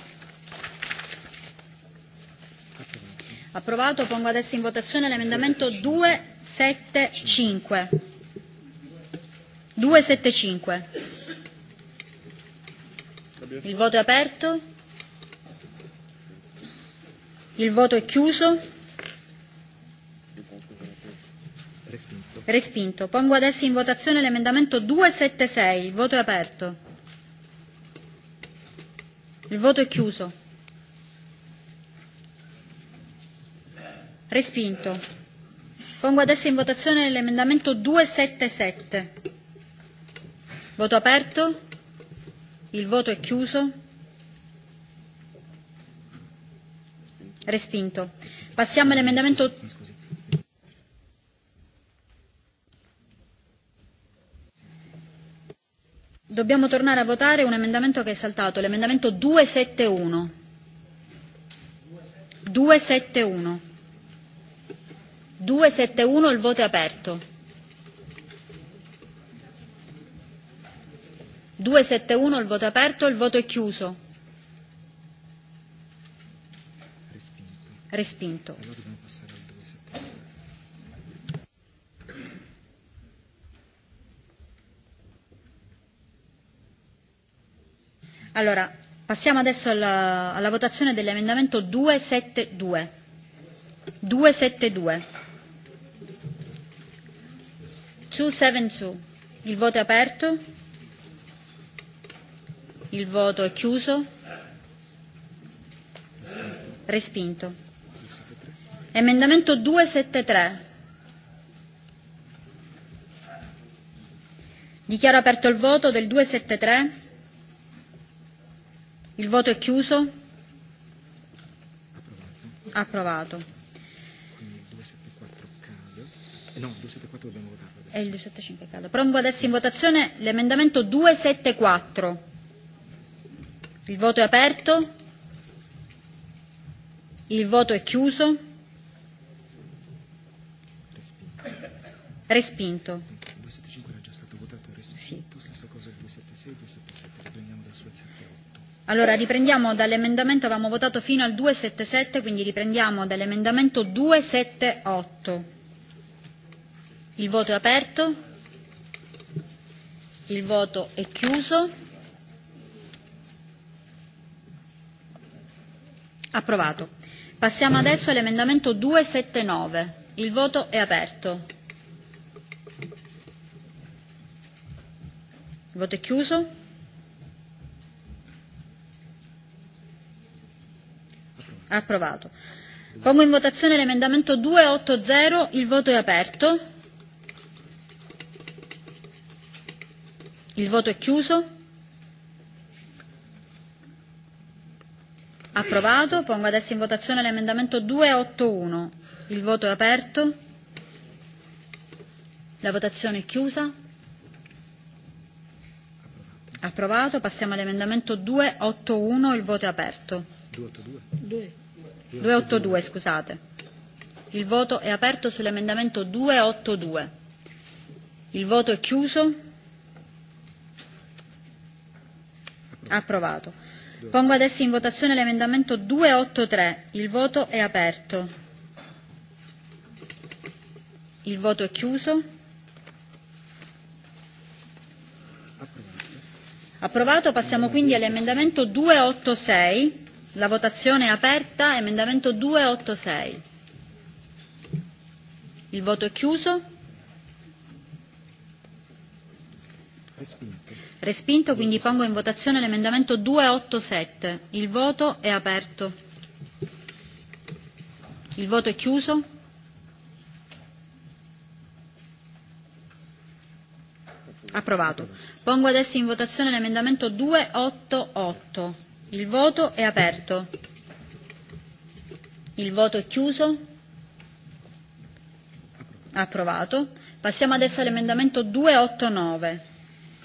Approvato. Pongo adesso in votazione l'emendamento 275. 275. Il voto è aperto. Il voto è chiuso. respinto. Pongo adesso in votazione l'emendamento 276, il voto è aperto. Il voto è chiuso. Respinto. Pongo adesso in votazione l'emendamento 277. Voto aperto. Il voto è chiuso. Respinto. Passiamo all'emendamento Dobbiamo tornare a votare un emendamento che è saltato, l'emendamento 271. 271. 271, il voto è aperto. 271, il voto è aperto, il voto è chiuso. Respinto. Respinto. E Allora, passiamo adesso alla, alla votazione dell'emendamento 272. 272. 272. Il voto è aperto. Il voto è chiuso. Respinto. Emendamento 273. Dichiaro aperto il voto del 273. Il voto è chiuso. Approvato. Quindi 274 cade. Eh, no, 274 dobbiamo votare adesso. È il 275 cade. Pronto adesso in votazione l'emendamento 274. Il voto è aperto. Il voto è chiuso. Respinto. Respinto. Allora riprendiamo dall'emendamento, avevamo votato fino al 277, quindi riprendiamo dall'emendamento 278. Il voto è aperto. Il voto è chiuso. Approvato. Passiamo adesso all'emendamento 279. Il voto è aperto. Il voto è chiuso. approvato. Pongo in votazione l'emendamento 280, il voto è aperto. Il voto è chiuso. Approvato. Pongo adesso in votazione l'emendamento 281. Il voto è aperto. La votazione è chiusa. Approvato. Passiamo all'emendamento 281. Il voto è aperto. 282. 282. scusate. Il voto è aperto sull'emendamento 282. Il voto è chiuso. Approvato. Pongo adesso in votazione l'emendamento 283. Il voto è aperto. Il voto è chiuso. Approvato. Passiamo quindi all'emendamento 286. La votazione è aperta. Emendamento 286. Il voto è chiuso. Respinto. Respinto, quindi pongo in votazione l'emendamento 287. Il voto è aperto. Il voto è chiuso. Approvato. Pongo adesso in votazione l'emendamento 288. Il voto è aperto. Il voto è chiuso. Approvato. Passiamo adesso all'emendamento 289.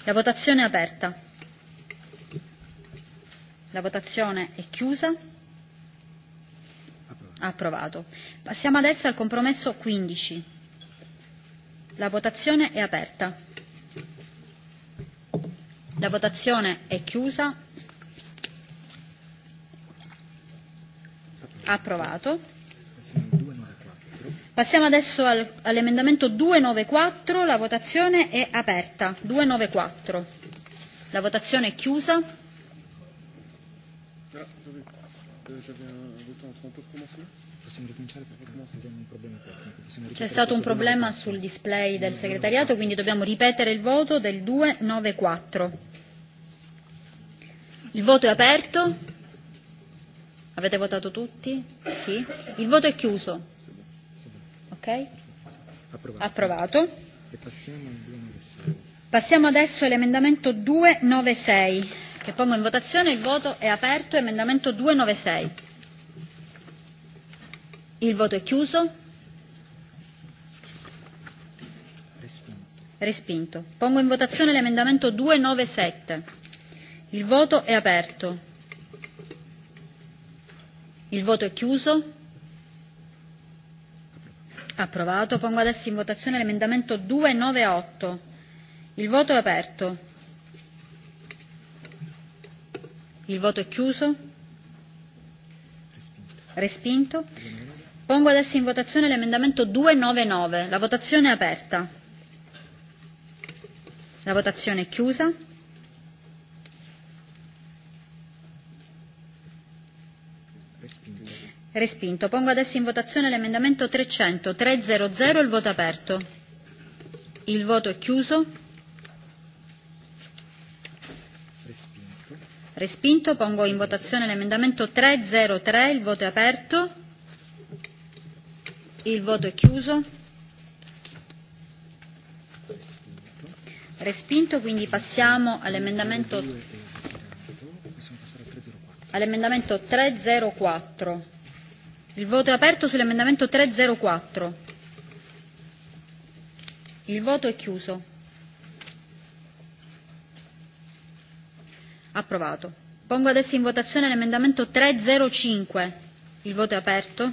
La votazione è aperta. La votazione è chiusa. Approvato. Passiamo adesso al compromesso 15. La votazione è aperta. La votazione è chiusa. Approvato. Passiamo adesso al, all'emendamento 294, la votazione è aperta. 294. La votazione è chiusa. C'è stato un problema sul display del segretariato, quindi dobbiamo ripetere il voto del 294. Il voto è aperto. Avete votato tutti? Sì. Il voto è chiuso. Ok? Approvato. E passiamo, passiamo adesso all'emendamento 296 che pongo in votazione. Il voto è aperto. Emendamento 296. Il voto è chiuso. Respinto. Respinto. Pongo in votazione l'emendamento 297. Il voto è aperto. Il voto è chiuso. Approvato. Pongo adesso in votazione l'emendamento 298. Il voto è aperto. Il voto è chiuso. Respinto. Pongo adesso in votazione l'emendamento 299. La votazione è aperta. La votazione è chiusa. Respinto. Pongo adesso in votazione l'emendamento 300. 300. Il voto aperto. Il voto è chiuso. Respinto. Respinto. Pongo in votazione l'emendamento 303. Il voto è aperto. Il voto è chiuso. Respinto. Quindi passiamo all'emendamento all'emendamento 304. Il voto è aperto sull'emendamento 304. Il voto è chiuso. Approvato. Pongo adesso in votazione l'emendamento 305. Il voto è aperto.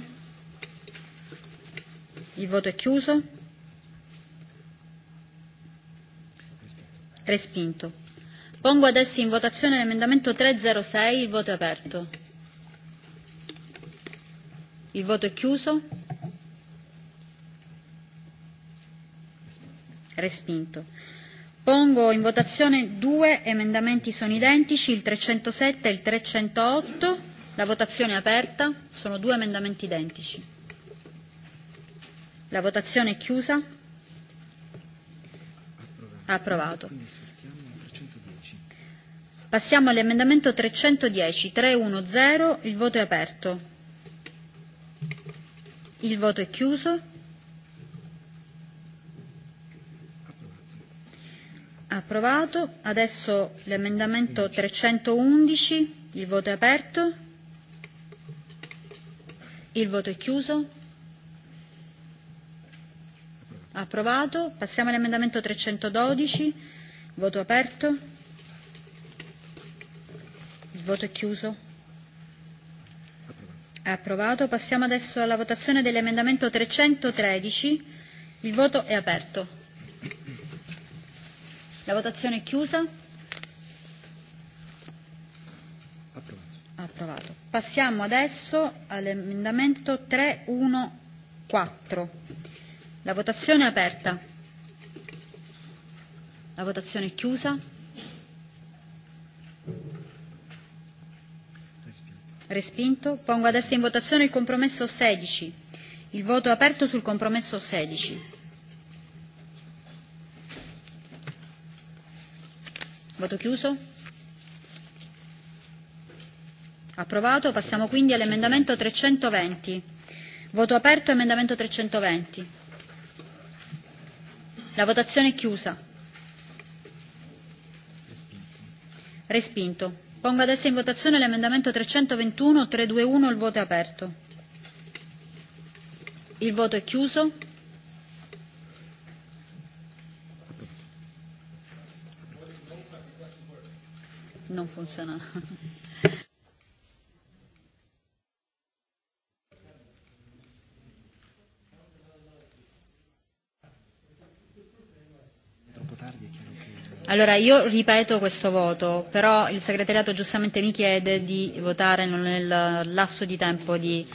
Il voto è chiuso. Respinto. Pongo adesso in votazione l'emendamento 306. Il voto è aperto. Il voto è chiuso. Respinto. Pongo in votazione due emendamenti sono identici, il 307 e il 308. La votazione è aperta, sono due emendamenti identici. La votazione è chiusa. Approvato. Passiamo all'emendamento 310, 310, il voto è aperto. Il voto è chiuso. Approvato. Adesso l'emendamento 311. Il voto è aperto. Il voto è chiuso. Approvato. Passiamo all'emendamento 312. Voto aperto. Il voto è chiuso. Approvato. Passiamo adesso alla votazione dell'emendamento 313. Il voto è aperto. La votazione è chiusa. Approvato. Approvato. Passiamo adesso all'emendamento 314. La votazione è aperta. La votazione è chiusa. Respinto. Pongo adesso in votazione il compromesso 16. Il voto aperto sul compromesso 16. Voto chiuso. Approvato. Passiamo quindi all'emendamento 320. Voto aperto emendamento 320. La votazione è chiusa. Respinto. Respinto. Pongo adesso in votazione l'emendamento 321 321, il voto è aperto. Il voto è chiuso. Non funziona. Allora io ripeto questo voto, però il segretariato giustamente mi chiede di votare nel lasso di tempo di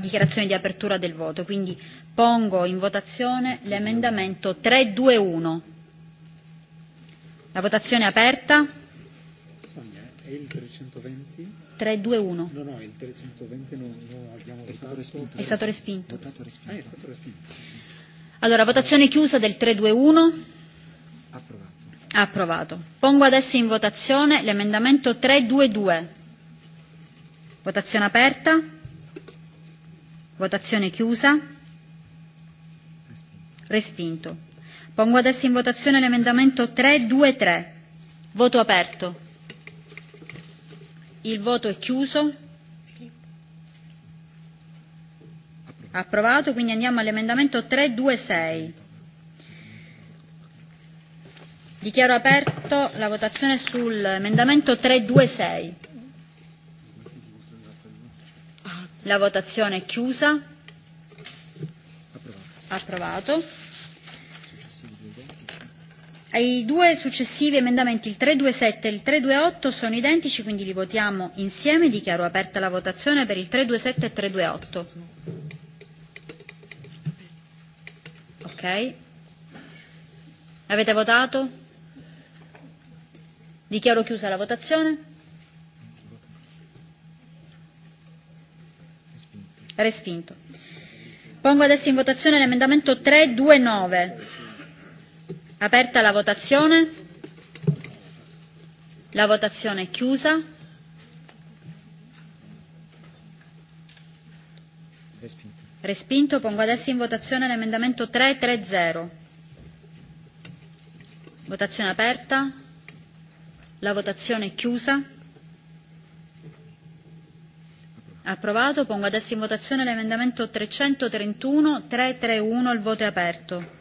dichiarazione di apertura del voto, quindi pongo in votazione l'emendamento 321. La votazione è aperta. Sonia, è il 320? 321. No, no, il 320 non lo abbiamo è stato respinto. È stato respinto. è stato respinto. Ah, allora, votazione chiusa del 321. Approvato. Pongo adesso in votazione l'emendamento 322. Votazione aperta. Votazione chiusa. Respinto. Pongo adesso in votazione l'emendamento 323. Voto aperto. Il voto è chiuso. Approvato, quindi andiamo all'emendamento 326. Dichiaro aperto la votazione sull'emendamento 326. La votazione è chiusa. Approvato. I due successivi emendamenti, il 327 e il 328, sono identici, quindi li votiamo insieme. Dichiaro aperta la votazione per il 327 e 328. Ok. Avete votato? Dichiaro chiusa la votazione. Respinto. Pongo adesso in votazione l'emendamento 329. Aperta la votazione. La votazione è chiusa. Respinto. Respinto. Pongo adesso in votazione l'emendamento 330. Votazione aperta. La votazione è chiusa. Approvato. Pongo adesso in votazione l'emendamento 331, 331. Il voto è aperto.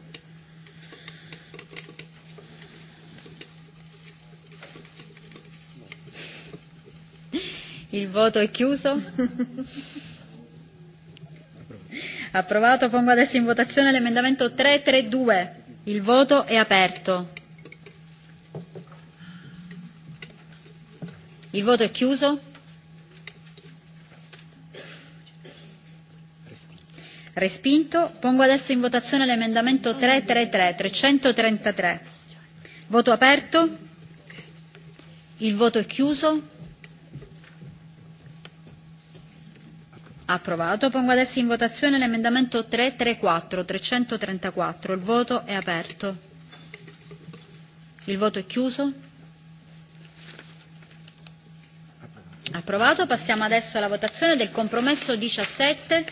Il voto è chiuso. Approvato. Pongo adesso in votazione l'emendamento 332. Il voto è aperto. Il voto è chiuso. Respinto. Pongo adesso in votazione l'emendamento 333, 333. Voto aperto. Il voto è chiuso. Approvato. Pongo adesso in votazione l'emendamento 334, 334. Il voto è aperto. Il voto è chiuso. approvato. Passiamo adesso alla votazione del compromesso 17.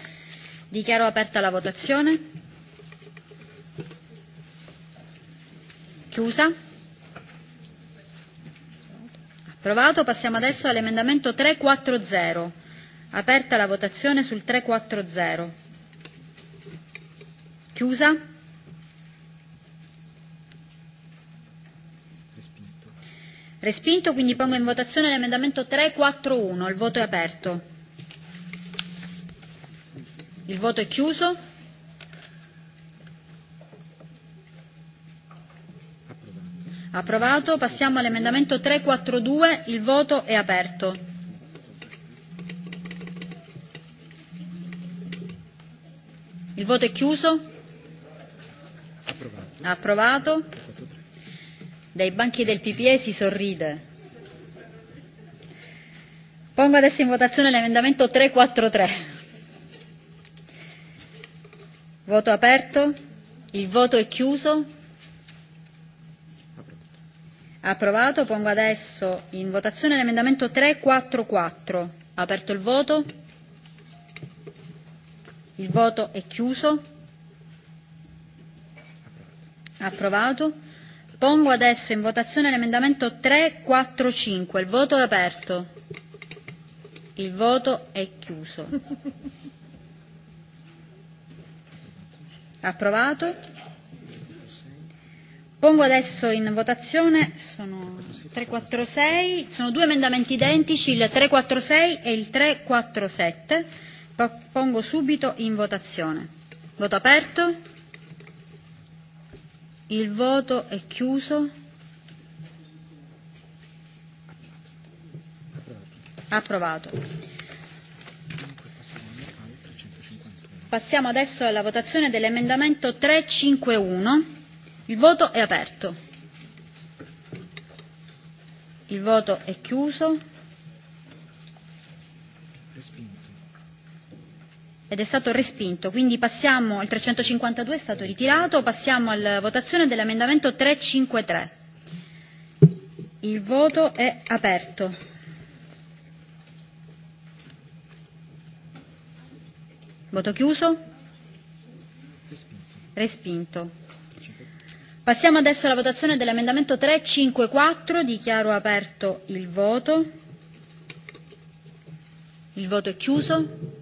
Dichiaro aperta la votazione. Chiusa. Approvato. Passiamo adesso all'emendamento 340. Aperta la votazione sul 340. Chiusa. Respinto, quindi pongo in votazione l'emendamento 341. Il voto è aperto. Il voto è chiuso. Approvato. Passiamo all'emendamento 342. Il voto è aperto. Il voto è chiuso. Approvato. Dai banchi del PPE si sorride. Pongo adesso in votazione l'emendamento 343. Voto aperto. Il voto è chiuso. Approvato. Pongo adesso in votazione l'emendamento 344. Aperto il voto. Il voto è chiuso. Approvato. Pongo adesso in votazione l'emendamento 345. Il voto è aperto. Il voto è chiuso. Approvato. Pongo adesso in votazione sono 346, sono due emendamenti identici, il 346 e il 347. Pongo subito in votazione. Voto aperto. Il voto è chiuso. Approvato. Passiamo adesso alla votazione dell'emendamento 351. Il voto è aperto. Il voto è chiuso. Respinto ed è stato respinto. Quindi passiamo, il 352 è stato ritirato, passiamo alla votazione dell'emendamento 353. Il voto è aperto. Voto chiuso. Respinto. Passiamo adesso alla votazione dell'emendamento 354. Dichiaro aperto il voto. Il voto è chiuso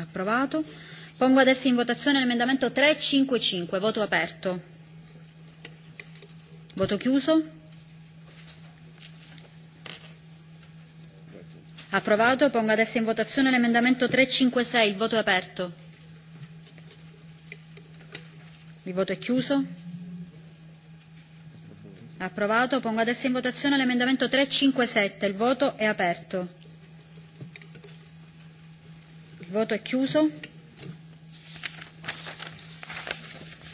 approvato. Pongo adesso in votazione l'emendamento 355, voto aperto. Voto chiuso. Approvato. Pongo adesso in votazione l'emendamento 356, il voto è aperto. Il voto è chiuso. Approvato. Pongo adesso in votazione l'emendamento 357, il voto è aperto. Il voto è chiuso.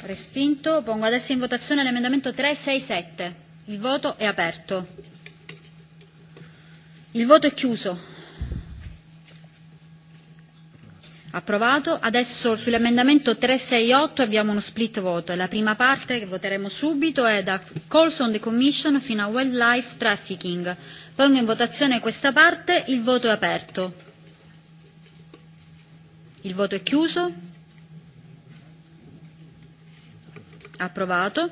Respinto. Pongo adesso in votazione l'emendamento 367. Il voto è aperto. Il voto è chiuso. Approvato. Adesso sull'emendamento 368 abbiamo uno split voto. La prima parte che voteremo subito è da Calls on the Commission fino a Wildlife Trafficking. Pongo in votazione questa parte. Il voto è aperto. Il voto è chiuso. Approvato.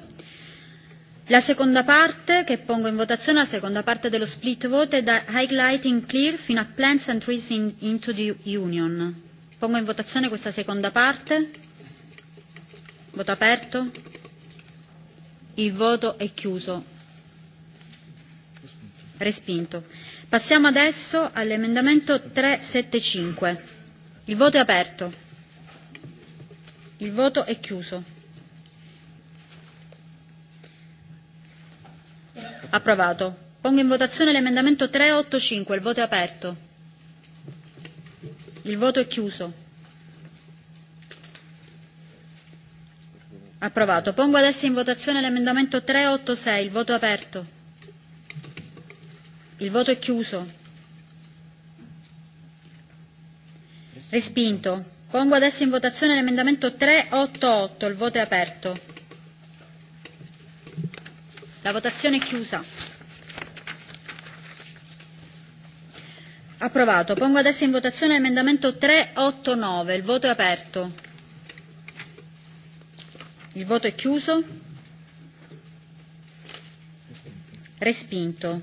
La seconda parte, che pongo in votazione, la seconda parte dello split vote è da highlighting clear fino a plants and trees into the union. Pongo in votazione questa seconda parte. Voto aperto. Il voto è chiuso. Respinto. Passiamo adesso all'emendamento 375. Il voto è aperto. Il voto è chiuso. Approvato. Pongo in votazione l'emendamento 385. Il voto è aperto. Il voto è chiuso. Approvato. Pongo adesso in votazione l'emendamento 386. Il voto è aperto. Il voto è chiuso. Respinto. Pongo adesso in votazione l'emendamento 388. Il voto è aperto. La votazione è chiusa. Approvato. Pongo adesso in votazione l'emendamento 389. Il voto è aperto. Il voto è chiuso. Respinto.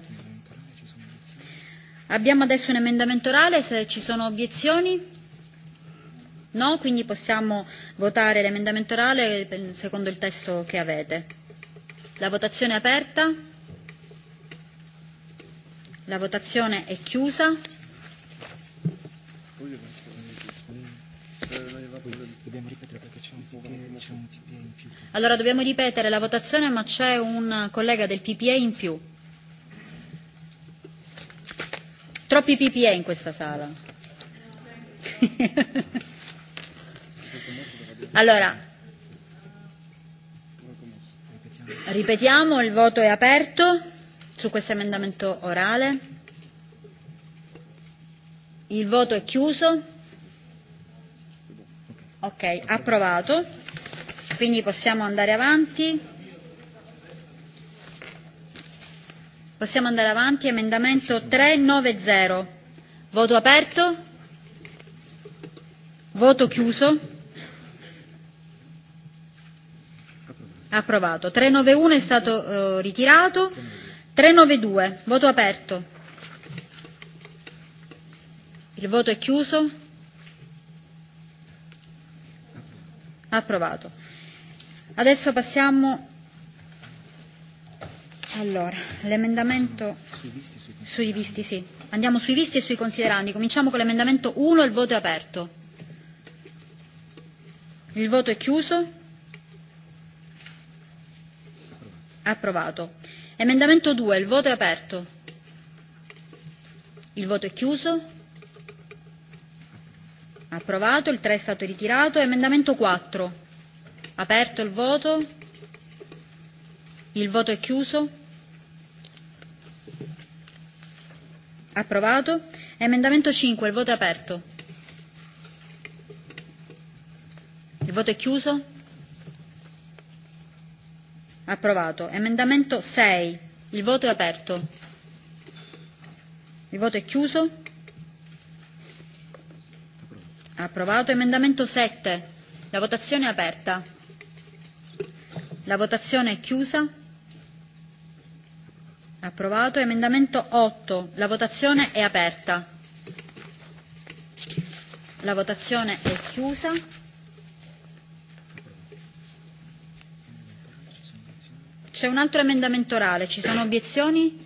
Abbiamo adesso un emendamento orale. Se ci sono obiezioni. No? Quindi possiamo votare l'emendamento orale secondo il testo che avete. La votazione è aperta. La votazione è chiusa. Allora dobbiamo ripetere la votazione ma c'è un collega del PPA e in più. Troppi PPA e in questa sala. [laughs] Allora, ripetiamo, il voto è aperto su questo emendamento orale. Il voto è chiuso. Ok, approvato. Quindi possiamo andare avanti. Possiamo andare avanti. Emendamento 390. Voto aperto. Voto chiuso. approvato 391 è stato eh, ritirato 392 voto aperto il voto è chiuso approvato adesso passiamo allora l'emendamento sui visti, e sì andiamo sui visti e sui considerandi cominciamo con l'emendamento 1 il voto è aperto il voto è chiuso Approvato. Emendamento 2. Il voto è aperto. Il voto è chiuso. Approvato. Il 3 è stato ritirato. Emendamento 4. Aperto il voto. Il voto è chiuso. Approvato. Emendamento 5. Il voto è aperto. Il voto è chiuso. Approvato. Emendamento 6. Il voto è aperto. Il voto è chiuso. Approvato. Emendamento 7. La votazione è aperta. La votazione è chiusa. Approvato. Emendamento 8. La votazione è aperta. La votazione è chiusa. C'è un altro emendamento orale, ci sono obiezioni?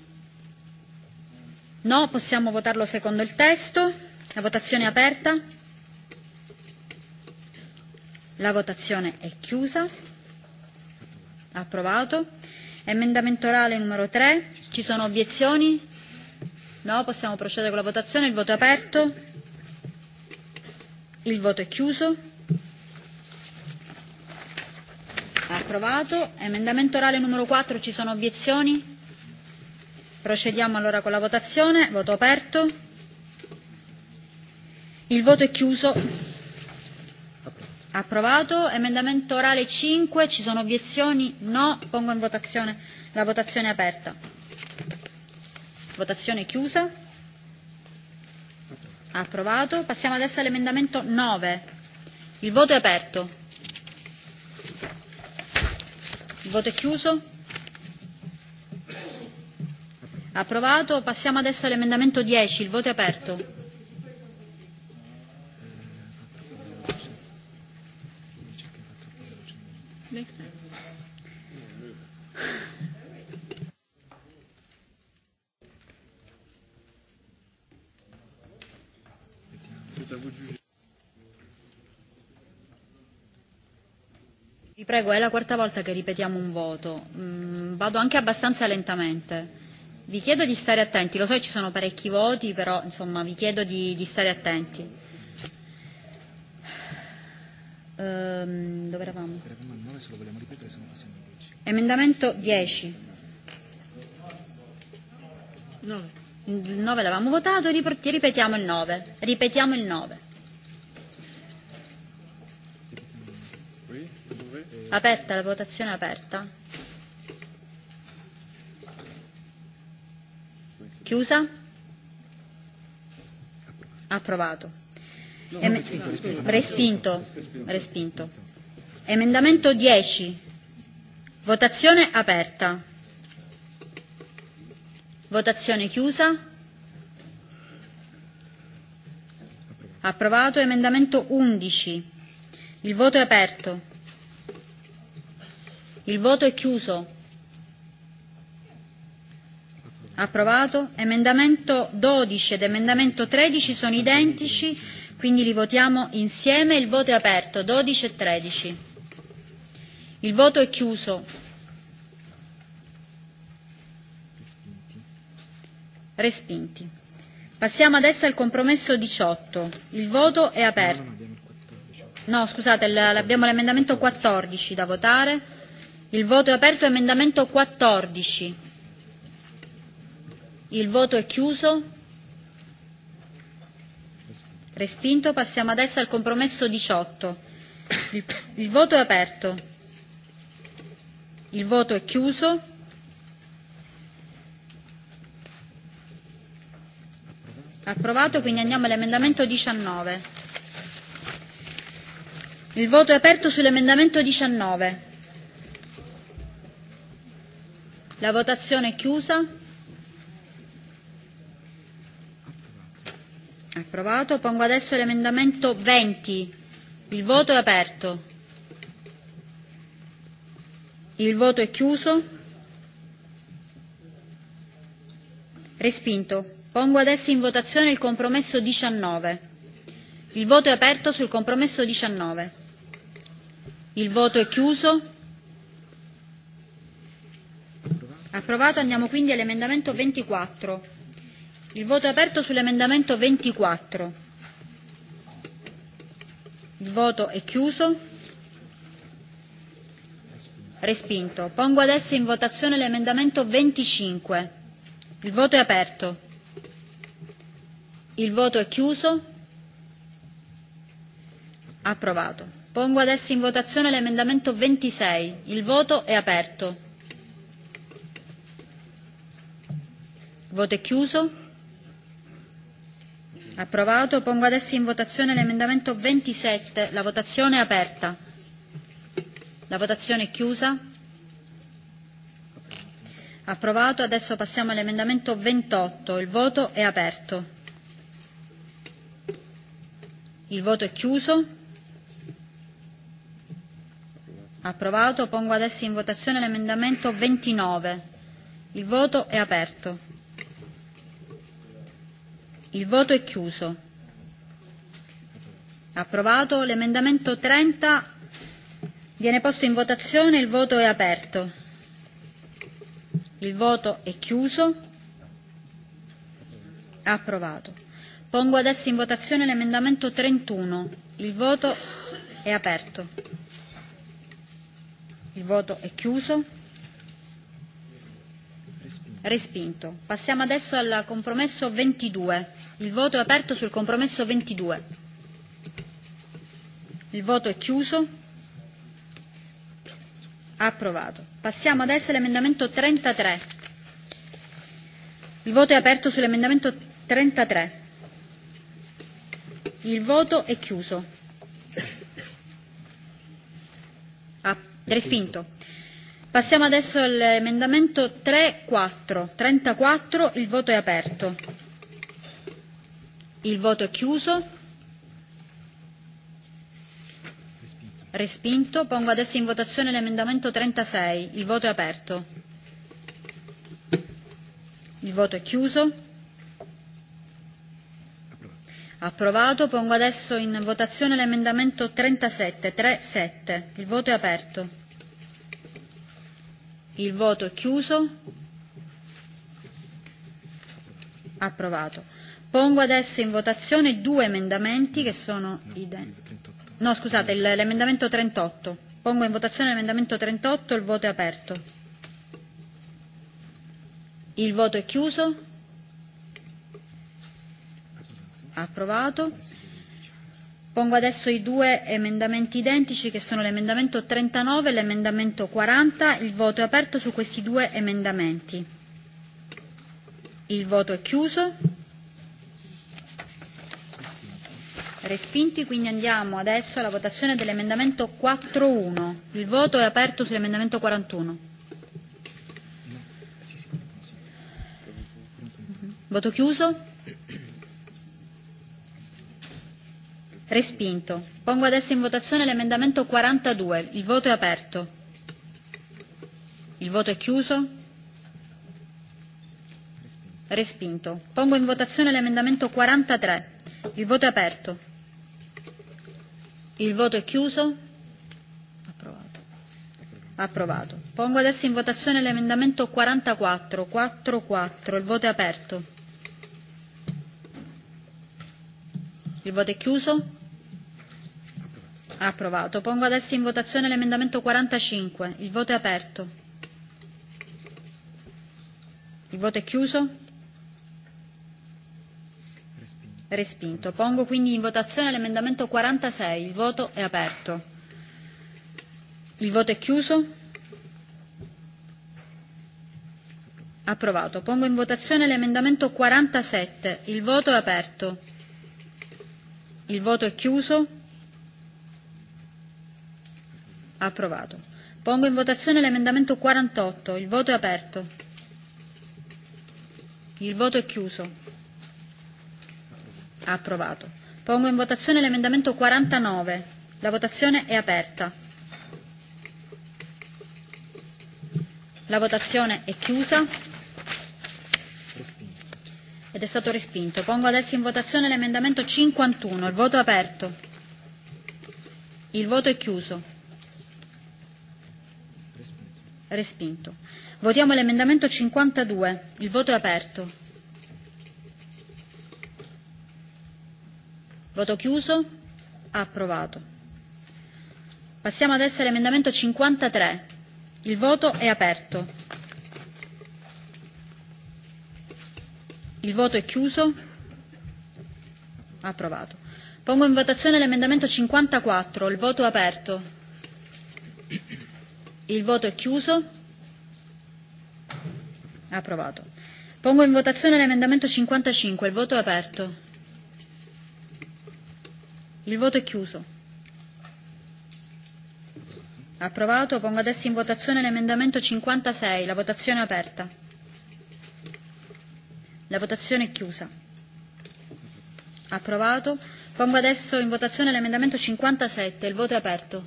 No, possiamo votarlo secondo il testo. La votazione è aperta. La votazione è chiusa. Approvato. Emendamento orale numero 3. Ci sono obiezioni? No, possiamo procedere con la votazione. Il voto è aperto. Il voto è chiuso. approvato. Emendamento orale numero 4, ci sono obiezioni? Procediamo allora con la votazione. Voto aperto. Il voto è chiuso. Approvato. Emendamento orale 5, ci sono obiezioni? No. Pongo in votazione la votazione aperta. Votazione chiusa. Approvato. Passiamo adesso all'emendamento 9. Il voto è aperto voto è chiuso. Approvato. Passiamo adesso all'emendamento 10. Il voto è aperto. Vi prego, è la quarta volta che ripetiamo un voto. Mm, vado anche abbastanza lentamente. Vi chiedo di stare attenti, lo so che ci sono parecchi voti, però insomma vi chiedo di, di stare attenti. Ehm, dove eravamo? Emendamento 10. Il 9 l'avevamo votato, ripetiamo il 9. Ripetiamo il 9. Aperta, la votazione aperta. Chiusa? Approvato. respinto. Respinto. Emendamento 10. Votazione aperta. Votazione chiusa. Approvato. Emendamento 11. Il voto è aperto. Il voto è chiuso. Approvato. Emendamento 12 ed emendamento 13 sono identici, quindi li votiamo insieme. Il voto è aperto, 12 e 13. Il voto è chiuso. Respinti. Passiamo adesso al compromesso 18. Il voto è aperto. No, scusate, l'abbiamo l'emendamento 14 da votare. Il voto è aperto emendamento 14. Il voto è chiuso. Respinto. Passiamo adesso al compromesso 18. Il, voto è aperto. Il voto è chiuso. Approvato, quindi andiamo all'emendamento 19. Il voto è aperto sull'emendamento 19. La votazione è chiusa. Approvato. Pongo adesso l'emendamento 20. Il voto è aperto. Il voto è chiuso. Respinto. Pongo adesso in votazione il compromesso 19. Il voto è aperto sul compromesso 19. Il voto è chiuso. Approvato. Andiamo quindi all'emendamento 24. Il voto è aperto sull'emendamento 24. Il voto è chiuso. Respinto. Pongo adesso in votazione l'emendamento 25. Il voto è aperto. Il voto è chiuso. Approvato. Pongo adesso in votazione l'emendamento 26. Il voto è aperto. Voto è chiuso. Approvato. Pongo adesso in votazione l'emendamento 27. La votazione è aperta. La votazione è chiusa. Approvato. Adesso passiamo all'emendamento 28. Il voto è aperto. Il voto è chiuso. Approvato. Pongo adesso in votazione l'emendamento 29. Il voto è aperto. Il voto è chiuso. Approvato l'emendamento 30. Viene posto in votazione, il voto è aperto. Il voto è chiuso. Approvato. Pongo adesso in votazione l'emendamento 31. Il voto è aperto. Il voto è chiuso. Respinto. Passiamo adesso al compromesso 22. Il voto è aperto sul compromesso 22. Il voto è chiuso. Approvato. Passiamo adesso all'emendamento 33. Il voto è aperto sull'emendamento 33. Il voto è chiuso. Ah, respinto. Passiamo adesso all'emendamento 34. 34. Il voto è aperto. Il voto è chiuso. Respinto. Pongo adesso in votazione l'emendamento 36. Il voto è aperto. Il voto è chiuso. Approvato. Pongo adesso in votazione l'emendamento 37. 37. Il voto è aperto. Il voto è chiuso. Approvato. Pongo adesso in votazione due emendamenti che sono identici. No, scusate, l'emendamento 38. Pongo in votazione l'emendamento 38, il voto è aperto. Il voto è chiuso. Approvato. Pongo adesso i due emendamenti identici che sono l'emendamento 39 e l'emendamento 40. Il voto è aperto su questi due emendamenti. Il voto è chiuso. respinti, quindi andiamo adesso alla votazione dell'emendamento 4.1. Il voto è aperto sull'emendamento 41. Voto chiuso. Respinto. Pongo adesso in votazione l'emendamento 42. Il voto è aperto. Il voto è chiuso. Respinto. Pongo in votazione l'emendamento 43. Il voto è aperto. Il voto è chiuso. Approvato. Approvato. Pongo adesso in votazione l'emendamento 44. 44. Il voto è aperto. Il voto è chiuso. Approvato. Pongo adesso in votazione l'emendamento 45. Il voto è aperto. Il voto è chiuso. respinto. Pongo quindi in votazione l'emendamento 46. Il voto è aperto. Il voto è chiuso. Approvato. Pongo in votazione l'emendamento 47. Il voto è aperto. Il voto è chiuso. Approvato. Pongo in votazione l'emendamento 48. Il voto è aperto. Il voto è chiuso. Approvato. Pongo in votazione l'emendamento 49. La votazione è aperta. La votazione è chiusa. Ed è stato respinto. Pongo adesso in votazione l'emendamento 51. Il voto è aperto. Il voto è chiuso. Respinto. Votiamo l'emendamento 52. Il voto è aperto. Voto chiuso. Approvato. Passiamo adesso all'emendamento 53. Il voto è aperto. Il voto è chiuso. Approvato. Pongo in votazione l'emendamento 54. Il voto è aperto. Il voto è chiuso. Approvato. Pongo in votazione l'emendamento 55. Il voto è aperto. Il voto è chiuso. Approvato. Pongo adesso in votazione l'emendamento 56. La votazione è aperta. La votazione è chiusa. Approvato. Pongo adesso in votazione l'emendamento 57. Il voto è aperto.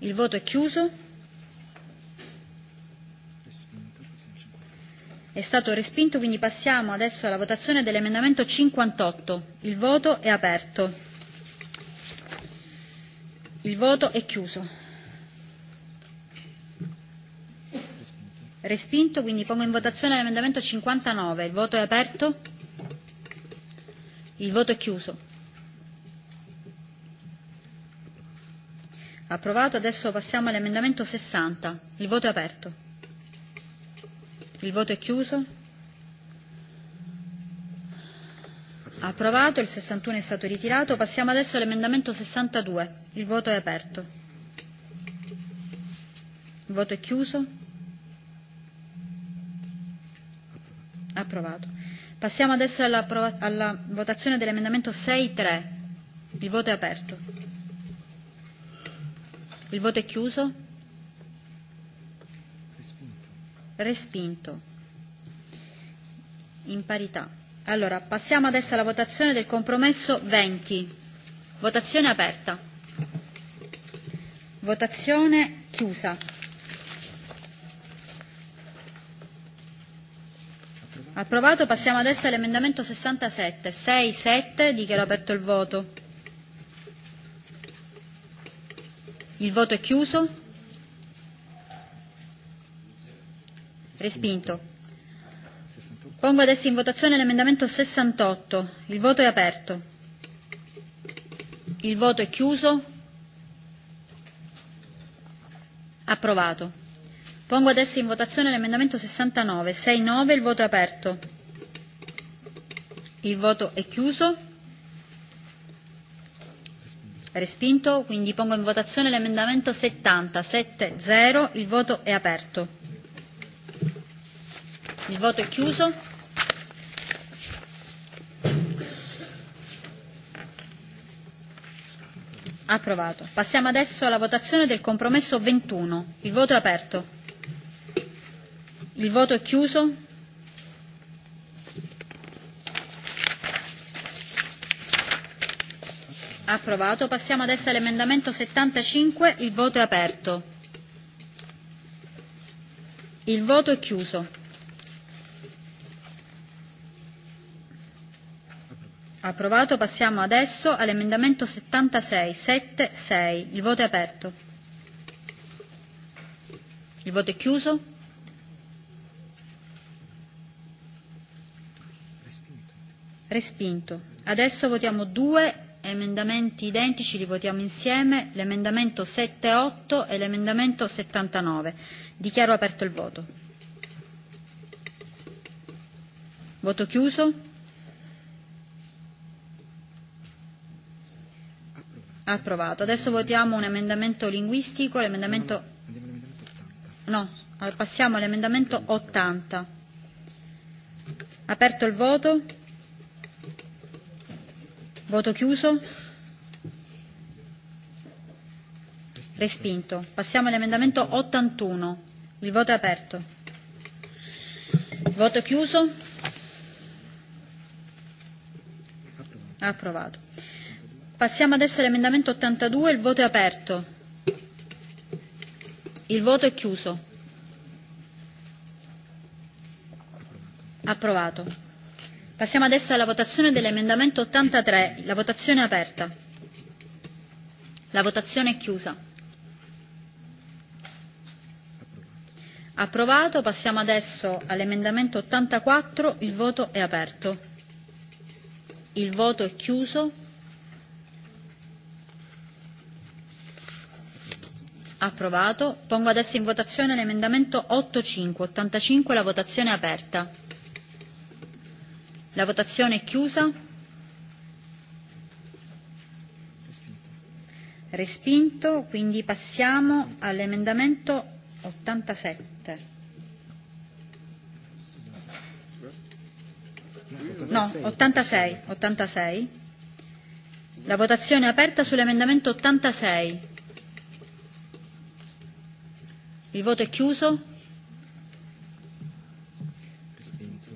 Il voto è chiuso. È stato respinto, quindi passiamo adesso alla votazione dell'emendamento 58. Il voto è aperto. Il voto è chiuso. Respinto, quindi pongo in votazione l'emendamento 59. Il voto è aperto. Il voto è chiuso. Approvato, adesso passiamo all'emendamento 60. Il voto è aperto. Il voto è chiuso. Approvato, il 61 è stato ritirato. Passiamo adesso all'emendamento 62. Il voto è aperto. Il voto è chiuso. Approvato. Passiamo adesso alla, alla votazione dell'emendamento 6.3. Il voto è aperto. Il voto è chiuso. respinto in parità allora passiamo adesso alla votazione del compromesso 20 votazione aperta votazione chiusa approvato passiamo adesso all'emendamento 67 6 7 dichiaro aperto il voto il voto è chiuso Respinto. Pongo adesso in votazione l'emendamento 68. Il voto è aperto. Il voto è chiuso. Approvato. Pongo adesso in votazione l'emendamento 69. 69. Il voto è aperto. Il voto è chiuso. Respinto. Quindi pongo in votazione l'emendamento 70. 7-0, Il voto è aperto. Il voto è chiuso. Approvato. Passiamo adesso alla votazione del compromesso 21. Il voto è aperto. Il voto è chiuso. Approvato. Passiamo adesso all'emendamento 75. Il voto è aperto. Il voto è chiuso. Approvato. Passiamo adesso all'emendamento 76, 7, 6. Il voto è aperto. Il voto è chiuso. Respinto. Respinto. Adesso votiamo due emendamenti identici, li votiamo insieme, l'emendamento 78 e l'emendamento 79. Dichiaro aperto il voto. Voto chiuso. Approvato. Adesso votiamo un emendamento linguistico, l'emendamento... No, passiamo all'emendamento 80. Aperto il voto. Voto chiuso. Respinto. Passiamo all'emendamento 81. Il voto è aperto. voto chiuso. Approvato. Passiamo adesso all'emendamento 82, il voto è aperto. Il voto è chiuso. Approvato. Passiamo adesso alla votazione dell'emendamento 83, la votazione è aperta. La votazione è chiusa. Approvato, passiamo adesso all'emendamento 84, il voto è aperto. Il voto è chiuso. Approvato. Pongo adesso in votazione l'emendamento 8585, la votazione è aperta. La votazione è chiusa. Respinto, quindi passiamo all'emendamento 87. No, 86, 86. La votazione è aperta sull'emendamento 86. Il voto è chiuso?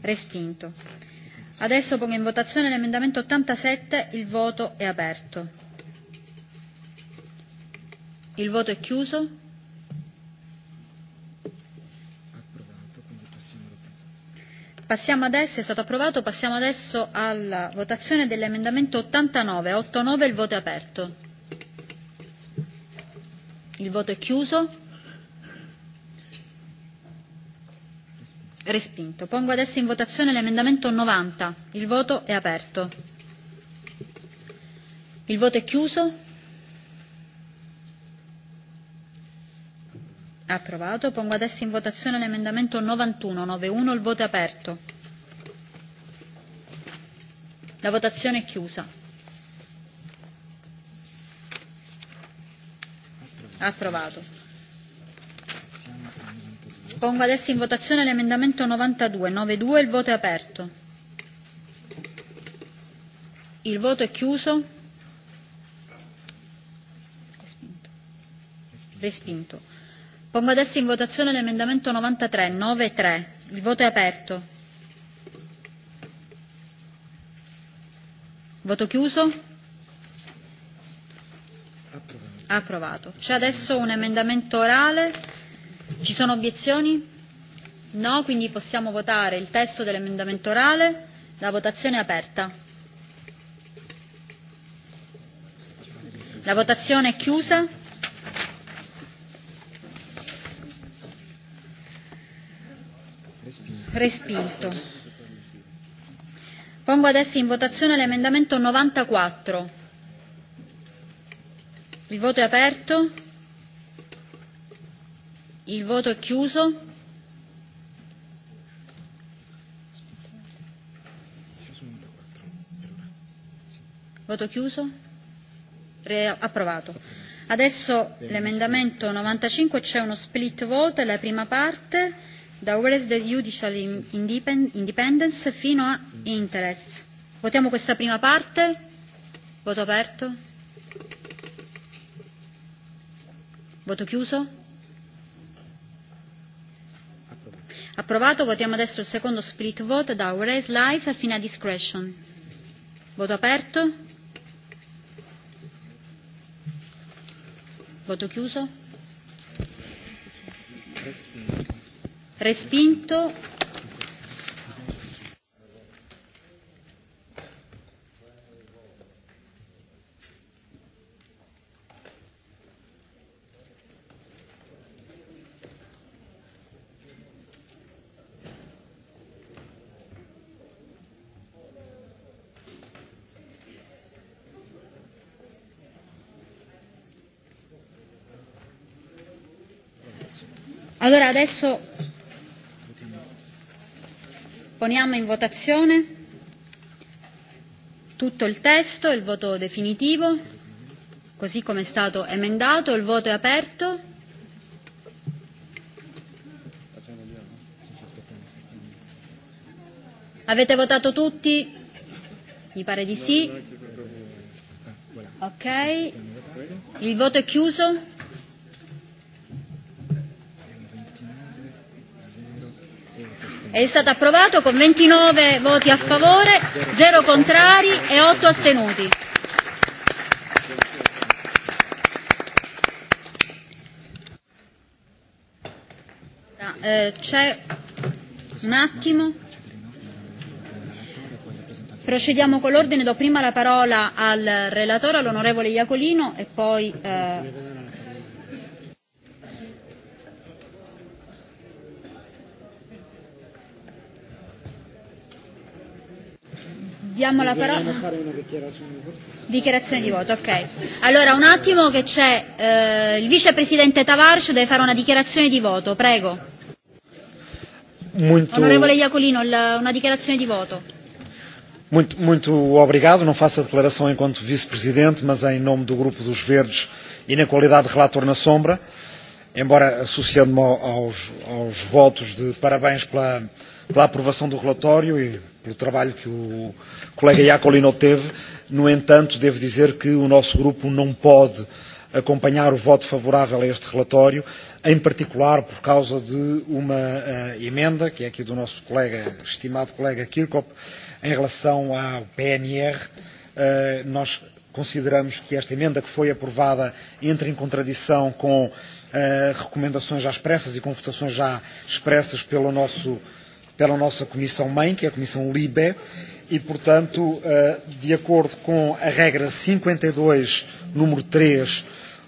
Respinto. Adesso pongo in votazione l'emendamento 87, il voto è aperto. Il voto è chiuso. passiamo Passiamo adesso, è stato approvato, passiamo adesso alla votazione dell'emendamento 89, 89 il voto è aperto. Il voto è chiuso. Respinto. Pongo adesso in votazione l'emendamento 90. Il voto è aperto. Il voto è chiuso. Approvato. Pongo adesso in votazione l'emendamento 91. 91. Il voto è aperto. La votazione è chiusa. Approvato. Pongo adesso in votazione l'emendamento 92, 92, il voto è aperto. Il voto è chiuso. Respinto. Respinto. Pongo adesso in votazione l'emendamento 93, 93, e il voto è aperto. Voto chiuso. Approvato. C'è adesso un emendamento orale Ci sono obiezioni? No, quindi possiamo votare il testo dell'emendamento orale. La votazione è aperta. La votazione è chiusa. Respinto. Pongo adesso in votazione l'emendamento 94. Il voto è aperto. Il voto è chiuso. Voto chiuso. approvato. Adesso l'emendamento 95 c'è uno split vote, la prima parte, da where the judicial independence fino a interest. Votiamo questa prima parte. Voto aperto. Voto chiuso. Approvato, votiamo adesso il secondo split vote da Raise Life fino a Discretion. Voto aperto. Voto chiuso. Respinto Allora adesso poniamo in votazione tutto il testo, il voto definitivo, così come è stato emendato, il voto è aperto. Avete votato tutti? Mi pare di sì. Ok. Il voto è chiuso. è stato approvato con 29 voti a favore, 0 contrari e 8 astenuti. Eh, c'è un attimo. Procediamo con l'ordine, do prima la parola al relatore, all'onorevole Iacolino e poi eh, diamo la parola. fare una dichiarazione di voto. Dichiarazione di voto, ok. Allora un attimo che c'è eh, il vicepresidente Tavarcio deve fare una dichiarazione di voto, prego. Muito... Onorevole Iacolino, la, una dichiarazione di voto. Muito, muito obrigado. Não faço a declaração enquanto vice-presidente, mas em nome do Grupo dos Verdes e na qualidade de relator na sombra, embora associando-me aos, aos votos de parabéns pela, pela aprovação do relatório e pelo trabalho que o colega Iacolino teve. No entanto, devo dizer que o nosso grupo não pode acompanhar o voto favorável a este relatório, em particular por causa de uma uh, emenda, que é aqui do nosso colega, estimado colega Kirkop, em relação ao PNR. Uh, eh, nós consideramos que esta emenda que foi aprovada entra em contradição com uh, recomendações já expressas e com votações já expressas pelo nosso pela nossa Comissão Mãe, que é a Comissão LIBE, e, portanto, eh, de acordo com a regra 52, e número 3,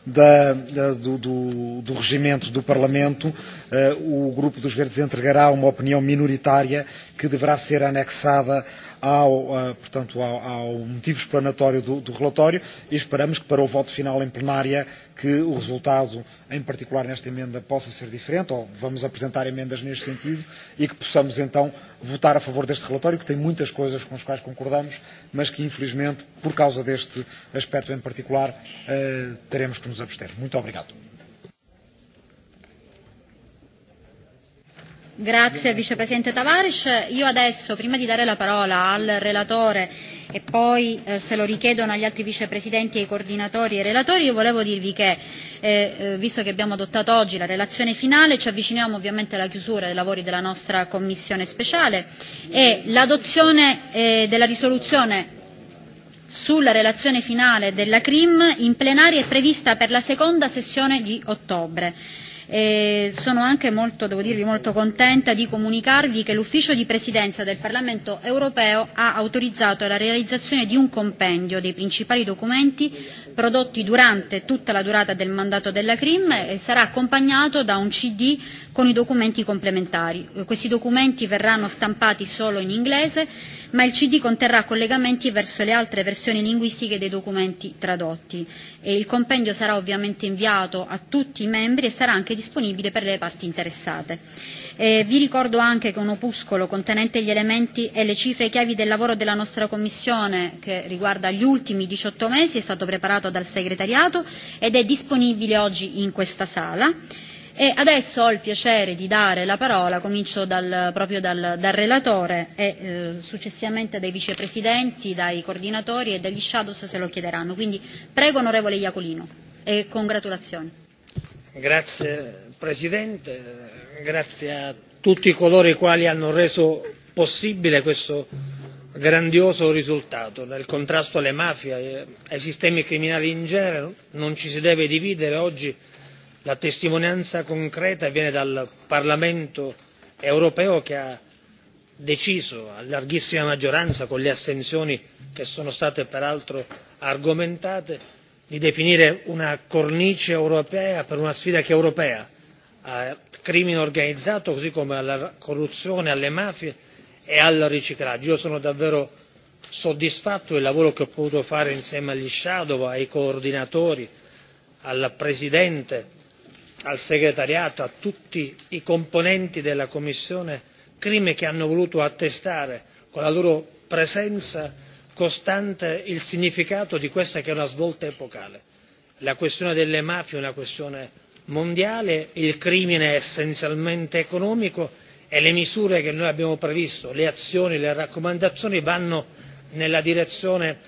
da, da, do, do, do regimento do Parlamento, uh, o Grupo dos Verdes entregará uma opinião minoritária que deverá ser anexada ao, uh, portanto, ao, ao motivo explanatório do, do relatório e esperamos que para o voto final em plenária que o resultado, em particular nesta emenda, possa ser diferente, ou vamos apresentar emendas neste sentido, e que possamos então votar a favor deste relatório, que tem muitas coisas com as quais concordamos, mas que infelizmente, por causa deste aspecto em particular, eh, teremos que nos abster. Muito obrigado. Grazie vicepresidente Tavares. Io adesso, prima di dare la parola al relatore e poi eh, se lo richiedono agli altri vicepresidenti, e ai coordinatori e ai relatori, io volevo dirvi che, eh, eh, visto che abbiamo adottato oggi la relazione finale, ci avviciniamo ovviamente alla chiusura dei lavori della nostra Commissione speciale e l'adozione della risoluzione sulla relazione finale della CRIM in plenaria è prevista per la seconda sessione di ottobre E sono anche molto, devo dirvi, molto contenta di comunicarvi che l'ufficio di presidenza del Parlamento europeo ha autorizzato la realizzazione di un compendio dei principali documenti prodotti durante tutta la durata del mandato della Crim e sarà accompagnato da un CD con i documenti complementari. Eh, questi documenti verranno stampati solo in inglese, ma il CD conterrà collegamenti verso le altre versioni linguistiche dei documenti tradotti e il compendio sarà ovviamente inviato a tutti i membri e sarà anche disponibile per le parti interessate. E vi ricordo anche che un opuscolo contenente gli elementi e le cifre e chiavi del lavoro della nostra Commissione, che riguarda gli ultimi 18 mesi, è stato preparato dal segretariato ed è disponibile oggi in questa sala. E adesso ho il piacere di dare la parola, comincio dal, proprio dal, dal relatore e eh, successivamente dai vicepresidenti, dai coordinatori e dagli shadows se lo chiederanno. Quindi prego onorevole Iacolino e congratulazioni. Grazie Presidente, grazie a tutti coloro i quali hanno reso possibile questo grandioso risultato nel contrasto alle mafie e ai sistemi criminali in genere non ci si deve dividere oggi la testimonianza concreta viene dal parlamento europeo che ha deciso a larghissima maggioranza con le astensioni che sono state peraltro argomentate di definire una cornice europea per una sfida che è europea eh, crimine organizzato così come alla corruzione alle mafie e al riciclaggio. io sono davvero soddisfatto del lavoro che ho potuto fare insieme agli shadow ai coordinatori al presidente al segretariato a tutti i componenti della commissione crime che hanno voluto attestare con la loro presenza costante il significato di questa che è una svolta epocale. la questione delle mafie è una questione mondiale il crimine è essenzialmente economico e le misure che noi abbiamo previsto le azioni le raccomandazioni vanno nella direzione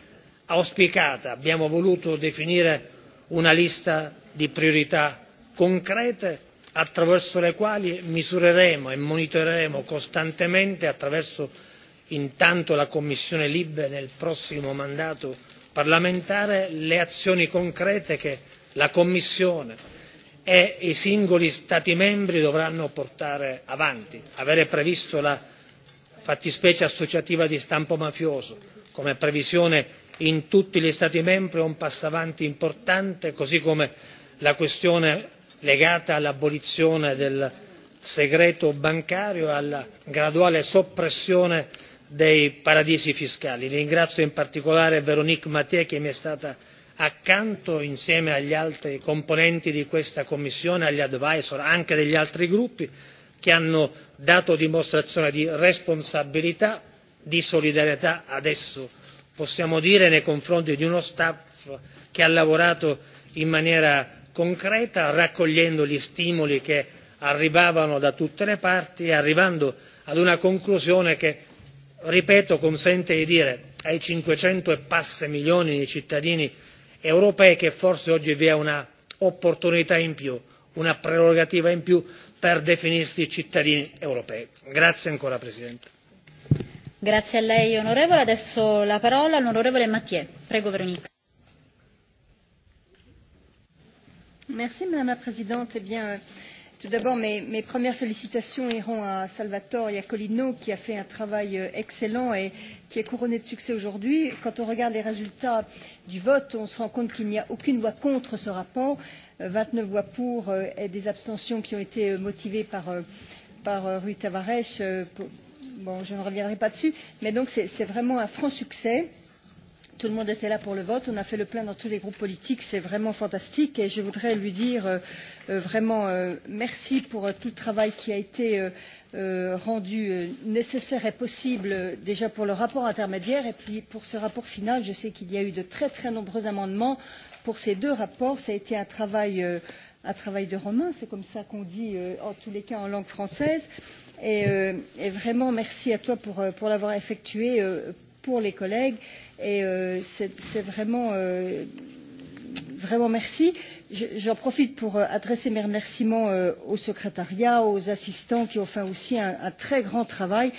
auspicata abbiamo voluto definire una lista di priorità concrete attraverso le quali misureremo e monitoreremo costantemente attraverso intanto la commissione libe nel prossimo mandato parlamentare le azioni concrete che la commissione e i singoli stati membri dovranno portare avanti avere previsto la fattispecie associativa di stampo mafioso come previsione in tutti gli stati membri è un passo avanti importante così come la questione legata all'abolizione del segreto bancario e alla graduale soppressione dei paradisi fiscali. ringrazio in particolare véronique mathieu che mi è stata accanto insieme agli altri componenti di questa commissione agli advisor anche degli altri gruppi che hanno dato dimostrazione di responsabilità di solidarietà adesso possiamo dire nei confronti di uno staff che ha lavorato in maniera concreta raccogliendo gli stimoli che arrivavano da tutte le parti e arrivando ad una conclusione che ripeto consente di dire ai cinquecento e passe milioni di cittadini europee che forse oggi vi è una opportunità in più una prerogativa in più per definirsi cittadini europei. grazie ancora presidente. grazie a lei onorevole. adesso la parola all'onorevole mathieu. prego Veronica. Merci, madame la présidente. Eh bien, tout d'abord mes, premières félicitations iront à salvatore iacolino qui a fait un travail euh, excellent et qui est couronné de succès aujourd'hui. quand on regarde les résultats du vote on se rend compte qu'il n'y a aucune voix contre ce rapport euh, vingt neuf voix pour euh, et des abstentions qui ont été motivées par, par rui tavares. Bon, je ne reviendrai pas dessus mais donc c'est vraiment un franc succès tout le monde était là pour le vote on a fait le plein dans tous les groupes politiques c'est vraiment fantastique et je voudrais lui dire euh, euh, vraiment euh, merci pour tout le travail qui a été rendu nécessaire et possible déjà pour le rapport intermédiaire et puis pour ce rapport final je sais qu'il y a eu de très très nombreux amendements pour ces deux rapports ça a été un travail un travail de romain c'est comme ça qu'on dit en tous les cas en langue française et, et vraiment merci à toi pour, pour l'avoir effectué pour les collègues et euh, c'est vraiment euh, vraiment merci. J'en profite pour euh, adresser mes remerciements euh, au secrétariat, aux assistants qui ont fait aussi un, un très grand travail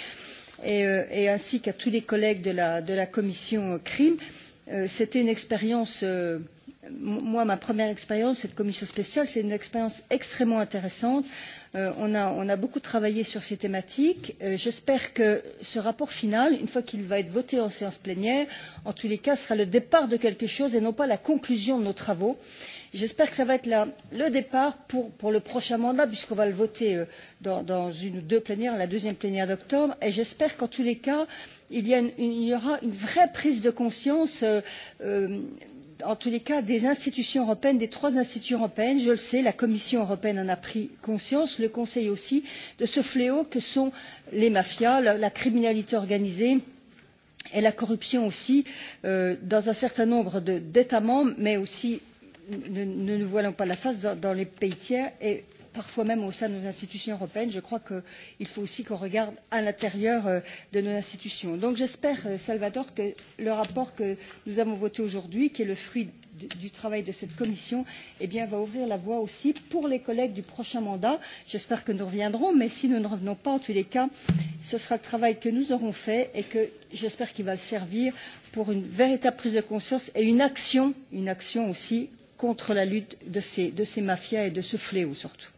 et, euh, et ainsi qu'à tous les collègues de la, de la commission euh, CRIM. C'était une expérience moi, ma première expérience cette commission spéciale, c'est une expérience extrêmement intéressante. Euh, on, a, on a beaucoup travaillé sur ces thématiques. Euh, J'espère que ce rapport final, une fois qu'il va être voté en séance plénière, en tous les cas, sera le départ de quelque chose et non pas la conclusion de nos travaux. J'espère que ça va être la, le départ pour, pour le prochain mandat, puisqu'on va le voter euh, dans, dans une ou deux plénières, la deuxième plénière d'octobre. Et j'espère qu'en tous les cas, il y, a une, une, il y aura une vraie prise de conscience. Euh, euh en tous les cas des institutions européennes des trois institutions européennes je le sais la commission européenne en a pris conscience le conseil aussi de ce fléau que sont les mafias la, criminalité organisée et la corruption aussi euh, dans un certain nombre d'états membres mais aussi ne nous voilons pas la face dans les pays tiers et parfois même au sein de nos institutions européennes je crois qu'il faut aussi qu'on regarde à l'intérieur euh, de nos institutions. donc j'espère euh, salvador que le rapport que nous avons voté aujourd'hui qui est le fruit du travail de cette commission eh va ouvrir la voie aussi pour les collègues du prochain mandat. j'espère que nous reviendrons mais si nous ne revenons pas en tous les cas ce sera le travail que nous aurons fait et que j'espère qu'il va servir pour une véritable prise de conscience et une action une action aussi contre la lutte de ces, de ces mafias et de ce fléau surtout.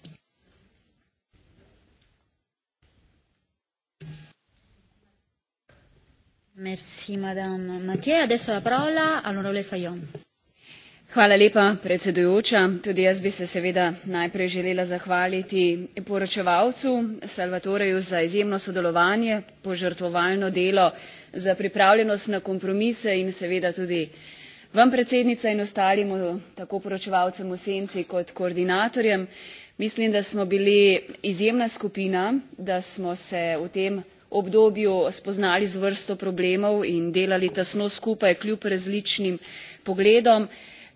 Merci, madame Adesso la parola all'onorevole Hvala lepa, predsedujoča. Tudi jaz bi se seveda najprej želela zahvaliti poročevalcu Salvatoreju za izjemno sodelovanje, požrtvovalno delo, za pripravljenost na kompromise in seveda tudi vam predsednica in ostalim tako poročevalcem v senci kot koordinatorjem mislim da smo bili izjemna skupina da smo se v tem obdobju spoznali z vrsto problemov in delali tesno skupaj kljub različnim pogledom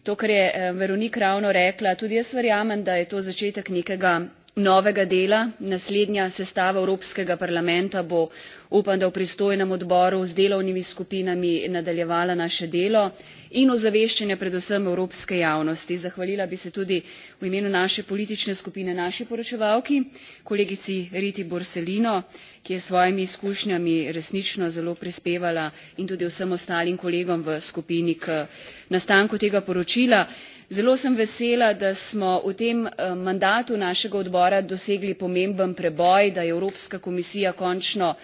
to kar je eh, veronika ravno rekla tudi jaz verjamem da je to začetek nekega novega dela naslednja sestava evropskega parlamenta bo upam da v pristojnem odboru z delovnimi skupinami nadaljevala naše delo in ozaveščanje predvsem evropske javnosti. zahvalila bi se tudi v imenu naše politične skupine naši poročevalki kolegici riti Borselino, ki je svojimi izkušnjami resnično zelo prispevala in tudi vsem ostalim kolegom v skupini k nastanku tega poročila zelo sem vesela da smo v tem eh, mandatu našega odbora dosegli pomemben preboj da je evropska komisija končno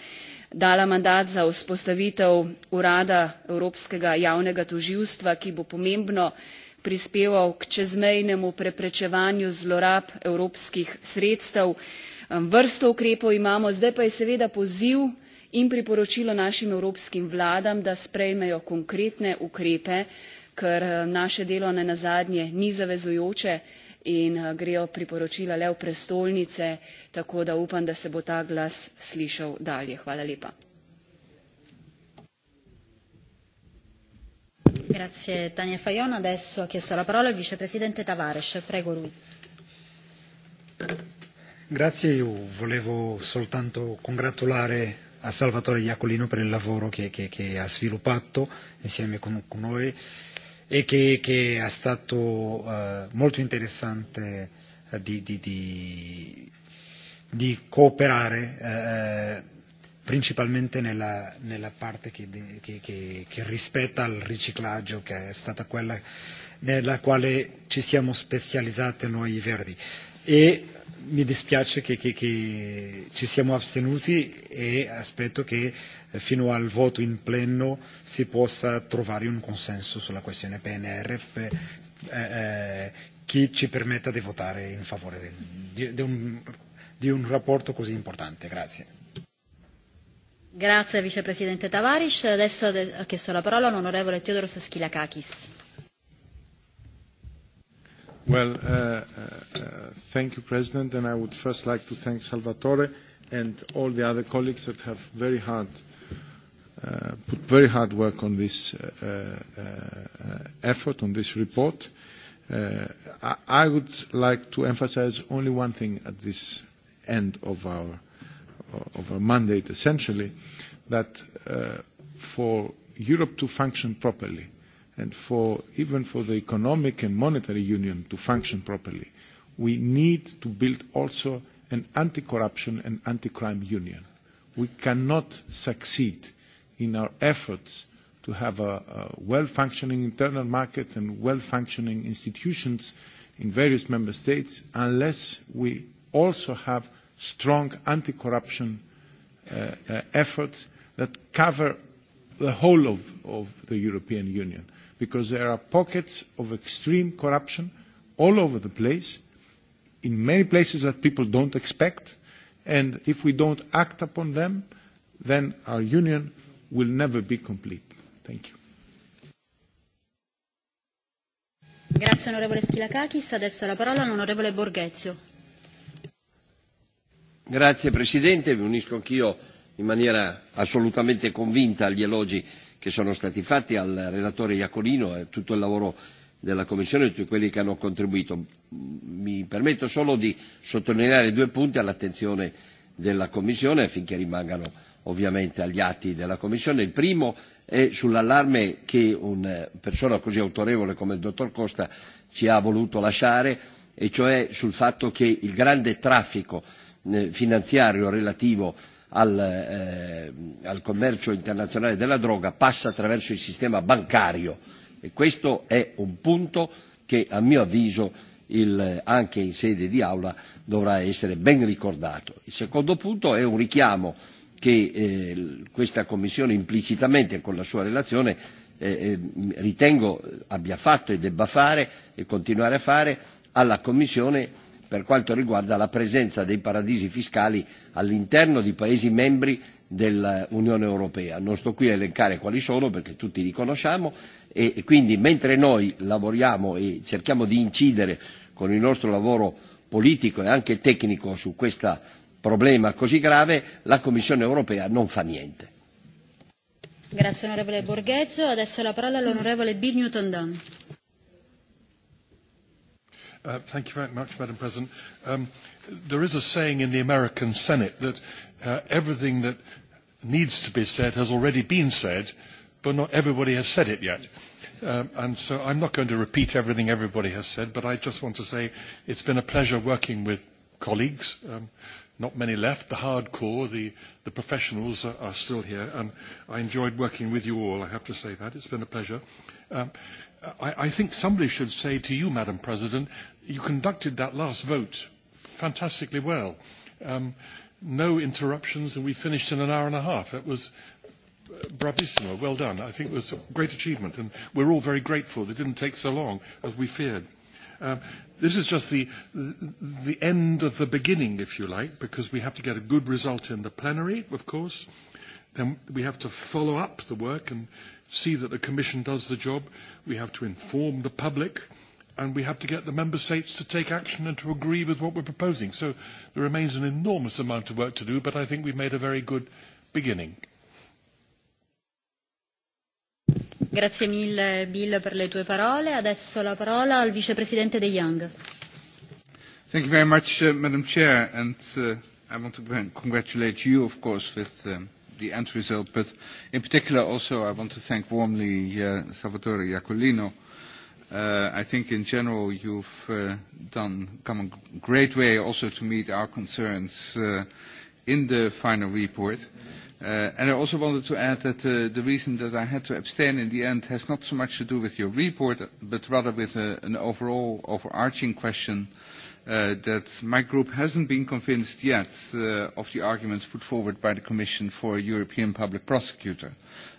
dala mandat za vzpostavitev urada evropskega javnega tožilstva ki bo pomembno prispeval k čezmejnemu preprečevanju zlorab evropskih sredstev. vrsto ukrepov imamo zdaj pa je seveda poziv in priporočilo našim evropskim vladam da sprejmejo konkretne ukrepe ker eh, naše delo nenazadnje ni zavezujoče in eh, grejo priporočila le v prestolnice tako da upam da se bo ta glas slišal dalje. hvala lepa. Grazie, Fajon, adesso, parola, Prego, Grazie, io volevo soltanto congratulare a eh, Salvatore Iacolino per il lavoro che, che, che ha sviluppato insieme con, con noi e che, che è stato uh, molto interessante uh, di, di, di, di cooperare uh, principalmente nella, nella parte che, che, che, che rispetta il riciclaggio che è stata quella nella quale ci siamo specializzati noi Verdi e mi dispiace che, che, che ci siamo astenuti e aspetto che Eh, fino al voto in pleno si possa trovare un consenso sulla questione PNRF eh, eh, chi ci permetta di votare in favore del, di, di, un, di un rapporto così importante. Grazie. Grazie vicepresidente Tavares. Adesso ha chiesto la parola all'onorevole Teodoros Saschilakakis. Well, uh, uh, thank you, President, and I would first like to thank Salvatore and all the other colleagues that have very hard Uh, put very hard work on this uh, uh, effort, on this report. I, I would like to emphasize only one thing at this end of our, of our mandate, essentially, that for Europe to function properly and for even for the economic and monetary union to function properly, we need to build also an anti-corruption and anti-crime union. We cannot succeed in our efforts to have a, well-functioning internal market and well-functioning institutions in various member states unless we also have strong anti-corruption uh, uh, efforts that cover the whole of, of the European Union because there are pockets of extreme corruption all over the place in many places that people don't expect and if we don't act upon them then our union will never be complete. Thank you. Grazie onorevole adesso la parola all'onorevole Borghezio. Grazie Presidente, mi unisco anch'io in maniera assolutamente convinta agli elogi che sono stati fatti al relatore Iacolino e a tutto il lavoro della Commissione e tutti quelli che hanno contribuito. Mi permetto solo di sottolineare due punti all'attenzione della Commissione affinché rimangano ovviamente agli atti della Commissione. Il primo è sull'allarme che una eh, persona così autorevole come il dottor Costa ci ha voluto lasciare, e cioè sul fatto che il grande traffico eh, finanziario relativo al, eh, al commercio internazionale della droga passa attraverso il sistema bancario e questo è un punto che a mio avviso il, anche in sede di aula dovrà essere ben ricordato. Il secondo punto è un richiamo che eh, questa Commissione implicitamente con la sua relazione eh, eh, ritengo abbia fatto e debba fare e continuare a fare alla Commissione per quanto riguarda la presenza dei paradisi fiscali all'interno di Paesi membri dell'Unione Europea. Non sto qui a elencare quali sono perché tutti li conosciamo e quindi mentre noi lavoriamo e cerchiamo di incidere con il nostro lavoro politico e anche tecnico su questa problema così grave la Commissione europea non fa niente. Grazie onorevole Borghezio. Adesso la parola all'onorevole Bill Newton Dunn. Uh, thank you very much, Madam President. Um, there is a saying in the American Senate that uh, everything that needs to be said has already been said, but not everybody has said it yet. Um, and so I'm not going to repeat everything everybody has said, but I just want to say it's been a pleasure working with colleagues. Um, not many left. The hardcore, the, the professionals are, are still here. And I enjoyed working with you all, I have to say that. It's been a pleasure. Um, I, I think somebody should say to you, Madam President, you conducted that last vote fantastically well. Um, no interruptions, and we finished in an hour and a half. It was uh, bravissimo. Well done. I think it was a great achievement, and we're all very grateful. It didn't take so long as we feared. Um, this is just the, the end of the beginning, if you like, because we have to get a good result in the plenary, of course. Then we have to follow up the work and see that the Commission does the job. We have to inform the public and we have to get the member states to take action and to agree with what we're proposing. So there remains an enormous amount of work to do, but I think we've made a very good beginning. Grazie mille Bill per le tue parole. Adesso la parola al vicepresidente De Young. Thank you very much, uh, Madam Chair, and uh, I want to congratulate you, of course, with um, the end result, but in particular also I want to thank warmly uh, Salvatore Iacolino. Uh, I think in general you've uh, done come a great way also to meet our concerns uh, in the final report. Uh, and I also wanted to add that uh, the reason that I had to abstain in the end has not so much to do with your report, but rather with uh, an overall overarching question that my group hasn't been convinced yet of the arguments put forward by the Commission for a European Public Prosecutor.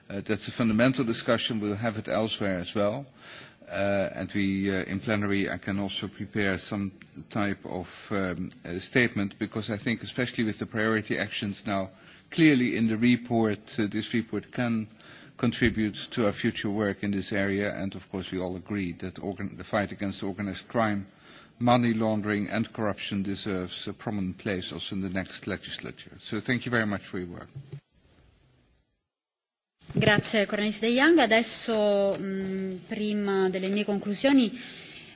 That's a fundamental discussion. We'll have it elsewhere as well. Uh, and we uh, in plenary I can also prepare some type of um, uh, statement because I think especially with the priority actions now clearly in the report uh, this report can contribute to our future work in this area and of course we all agree that organ the fight against organised crime money laundering and corruption deserves a prominent place also in the next legislature so thank you very much for your work Grazie Cornelis De Young. Adesso, prima delle mie conclusioni,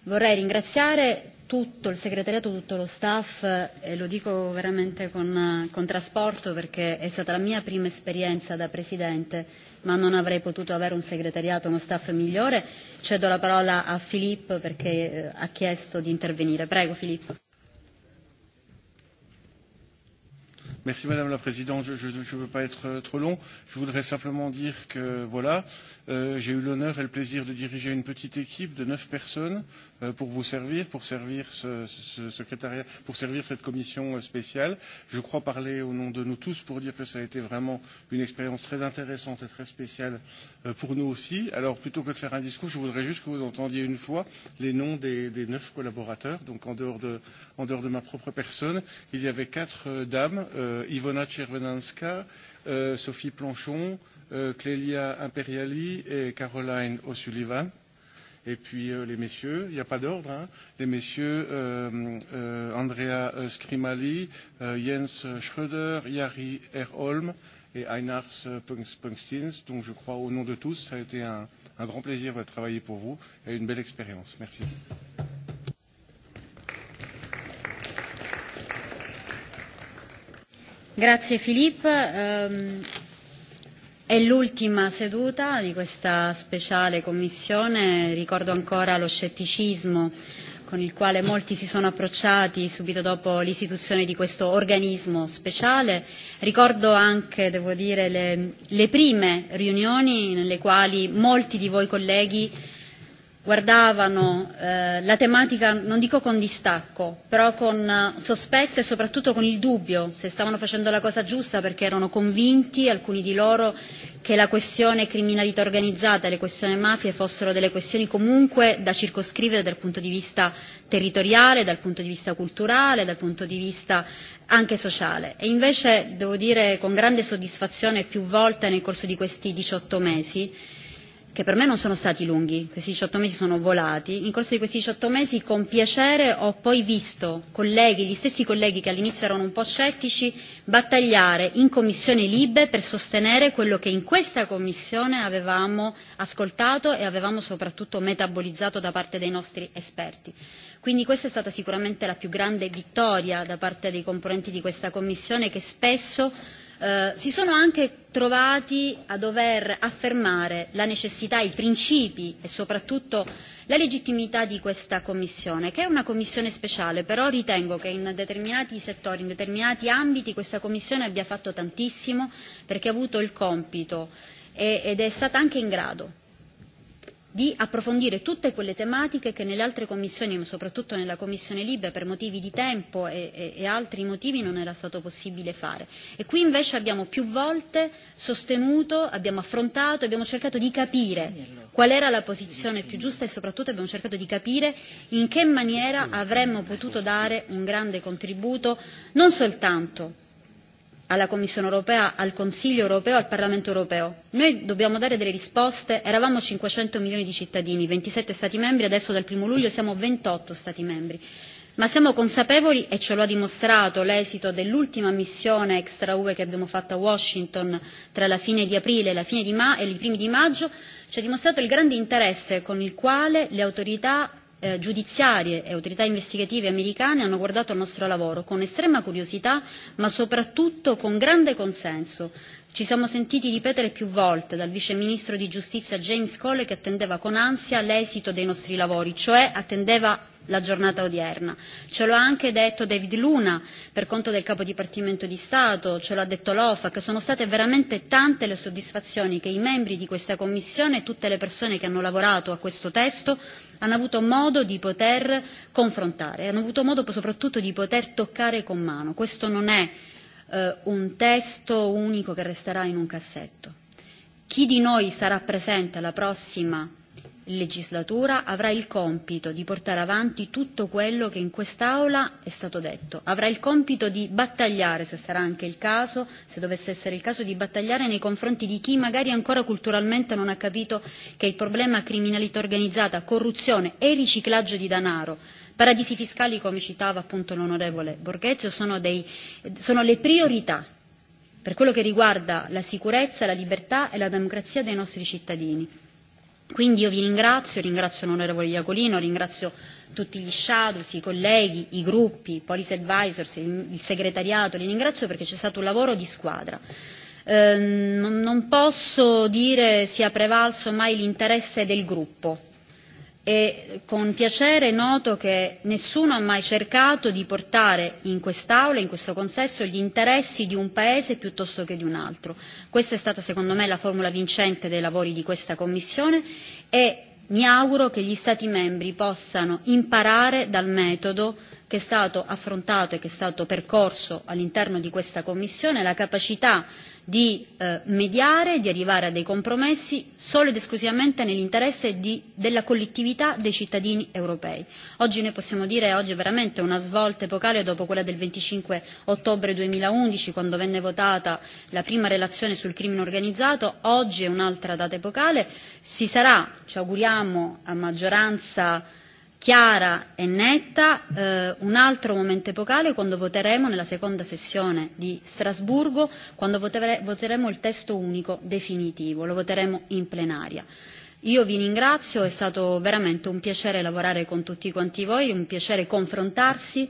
vorrei ringraziare tutto il segretariato, tutto lo staff eh, e lo dico veramente con, eh, con trasporto perché è stata la mia prima esperienza da Presidente ma non avrei potuto avere un segretariato, uno staff migliore. Cedo la parola a Filippo perché eh, ha chiesto di intervenire. Prego Filippo. Merci Madame la Présidente, je ne veux pas être euh, trop long. Je voudrais simplement dire que voilà, euh, j'ai eu l'honneur et le plaisir de diriger une petite équipe de neuf personnes euh, pour vous servir, pour servir ce, ce secrétariat, pour servir cette commission euh, spéciale. Je crois parler au nom de nous tous pour dire que ça a été vraiment une expérience très intéressante et très spéciale euh, pour nous aussi. Alors plutôt que de faire un discours, je voudrais juste que vous entendiez une fois les noms des, des neuf collaborateurs. Donc en dehors, de, en dehors de ma propre personne, il y avait quatre euh, dames. Euh, Euh, Ivona Czerwenanska, euh, Sophie Planchon, euh, Clélia Imperiali et Caroline O'Sullivan. Et puis les messieurs, il n'y a pas d'ordre, hein, les messieurs Andrea Scrimali, Jens Schröder, Yari Erholm et Einars Pungstins. Donc je crois au nom de tous, ça a été un, un grand plaisir de travailler pour vous et une belle expérience. Merci. Grazie Filippo. Ehm, è l'ultima seduta di questa speciale commissione, ricordo ancora lo scetticismo con il quale molti si sono approcciati subito dopo l'istituzione di questo organismo speciale. Ricordo anche, devo dire, le, le prime riunioni nelle quali molti di voi colleghi guardavano eh, la tematica non dico con distacco però con eh, sospetto e soprattutto con il dubbio se stavano facendo la cosa giusta perché erano convinti alcuni di loro che la questione criminalità organizzata e le questioni mafie fossero delle questioni comunque da circoscrivere dal punto di vista territoriale dal punto di vista culturale dal punto di vista anche sociale e invece devo dire con grande soddisfazione più volte nel corso di questi 18 mesi che per me non sono stati lunghi, questi 18 mesi sono volati, in corso di questi 18 mesi con piacere ho poi visto colleghi, gli stessi colleghi che all'inizio erano un po' scettici, battagliare in Commissione Libe per sostenere quello che in questa Commissione avevamo ascoltato e avevamo soprattutto metabolizzato da parte dei nostri esperti. Quindi questa è stata sicuramente la più grande vittoria da parte dei componenti di questa Commissione che spesso Eh, si sono anche trovati a dover affermare la necessità, i principi e soprattutto la legittimità di questa Commissione, che è una Commissione speciale, però ritengo che in determinati settori, in determinati ambiti questa Commissione abbia fatto tantissimo perché ha avuto il compito e, ed è stata anche in grado di approfondire tutte quelle tematiche che nelle altre commissioni, ma soprattutto nella Commissione Libe, per motivi di tempo e, e, e altri motivi non era stato possibile fare. E qui invece abbiamo più volte sostenuto, abbiamo affrontato, abbiamo cercato di capire qual era la posizione più giusta e soprattutto abbiamo cercato di capire in che maniera avremmo potuto dare un grande contributo non soltanto alla Commissione europea, al Consiglio europeo, al Parlamento europeo. Noi dobbiamo dare delle risposte, eravamo 500 milioni di cittadini, 27 Stati membri, adesso dal 1 luglio siamo 28 Stati membri. Ma siamo consapevoli, e ce lo ha dimostrato l'esito dell'ultima missione extra UE che abbiamo fatto a Washington tra la fine di aprile la fine di ma e i primi di maggio, ci ha dimostrato il grande interesse con il quale le autorità eh, giudiziarie e autorità investigative americane hanno guardato al nostro lavoro con estrema curiosità ma soprattutto con grande consenso Ci siamo sentiti ripetere più volte dal Vice Ministro di Giustizia James Cole che attendeva con ansia l'esito dei nostri lavori, cioè attendeva la giornata odierna. Ce l'ha anche detto David Luna per conto del capo dipartimento di Stato, ce l'ha detto l'OFA, che sono state veramente tante le soddisfazioni che i membri di questa Commissione e tutte le persone che hanno lavorato a questo testo hanno avuto modo di poter confrontare, hanno avuto modo soprattutto di poter toccare con mano. Questo non è Eh, un testo unico che resterà in un cassetto. Chi di noi sarà presente alla prossima legislatura avrà il compito di portare avanti tutto quello che in quest'Aula è stato detto, avrà il compito di battagliare, se sarà anche il caso, se dovesse essere il caso, di battagliare nei confronti di chi magari ancora culturalmente non ha capito che il problema criminalità organizzata, corruzione e riciclaggio di denaro paradisi fiscali come citava appunto l'onorevole Borghezio sono, dei, sono le priorità per quello che riguarda la sicurezza, la libertà e la democrazia dei nostri cittadini. Quindi io vi ringrazio, ringrazio l'onorevole Iacolino, ringrazio tutti gli shadows, i colleghi, i gruppi, police advisors, il segretariato, li ringrazio perché c'è stato un lavoro di squadra. Ehm, non posso dire sia prevalso mai l'interesse del gruppo e con piacere noto che nessuno ha mai cercato di portare in quest'aula, in questo consesso, gli interessi di un paese piuttosto che di un altro. Questa è stata secondo me la formula vincente dei lavori di questa Commissione e mi auguro che gli Stati membri possano imparare dal metodo che è stato affrontato e che è stato percorso all'interno di questa Commissione la capacità di eh, mediare, di arrivare a dei compromessi solo ed esclusivamente nell'interesse di, della collettività dei cittadini europei. Oggi ne possiamo dire, oggi è veramente una svolta epocale dopo quella del 25 ottobre 2011 quando venne votata la prima relazione sul crimine organizzato, oggi è un'altra data epocale, si sarà, ci auguriamo, a maggioranza chiara e netta eh, un altro momento epocale quando voteremo nella seconda sessione di Strasburgo quando votere, voteremo il testo unico definitivo lo voteremo in plenaria io vi ringrazio è stato veramente un piacere lavorare con tutti quanti voi un piacere confrontarsi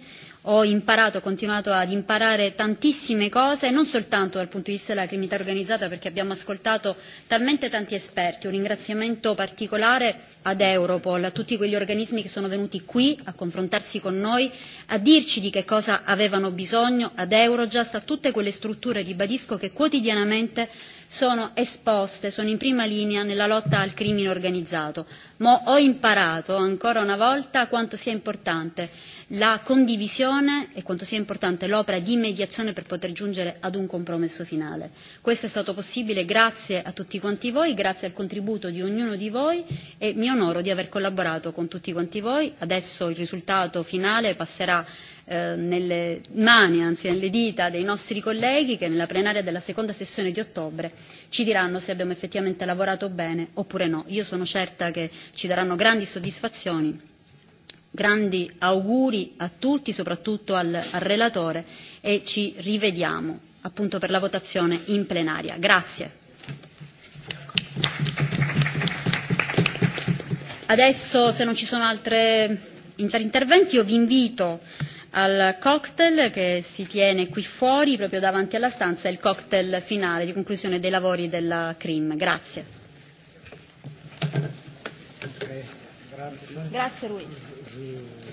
ho imparato, ho continuato ad imparare tantissime cose, non soltanto dal punto di vista della criminalità organizzata, perché abbiamo ascoltato talmente tanti esperti. Un ringraziamento particolare ad Europol, a tutti quegli organismi che sono venuti qui a confrontarsi con noi, a dirci di che cosa avevano bisogno, ad Eurojust, a tutte quelle strutture, ribadisco, che quotidianamente sono esposte, sono in prima linea nella lotta al crimine organizzato. Ma ho imparato ancora una volta quanto sia importante la condivisione e quanto sia importante l'opera di mediazione per poter giungere ad un compromesso finale. Questo è stato possibile grazie a tutti quanti voi, grazie al contributo di ognuno di voi e mi onoro di aver collaborato con tutti quanti voi. Adesso il risultato finale passerà eh, nelle mani, anzi nelle dita dei nostri colleghi che nella plenaria della seconda sessione di ottobre ci diranno se abbiamo effettivamente lavorato bene oppure no. Io sono certa che ci daranno grandi soddisfazioni grandi auguri a tutti, soprattutto al, relatore e ci rivediamo appunto per la votazione in plenaria. Grazie. Adesso se non ci sono altre interventi io vi invito al cocktail che si tiene qui fuori proprio davanti alla stanza, il cocktail finale di conclusione dei lavori della CRIM. Grazie. Grazie, Grazie je mm.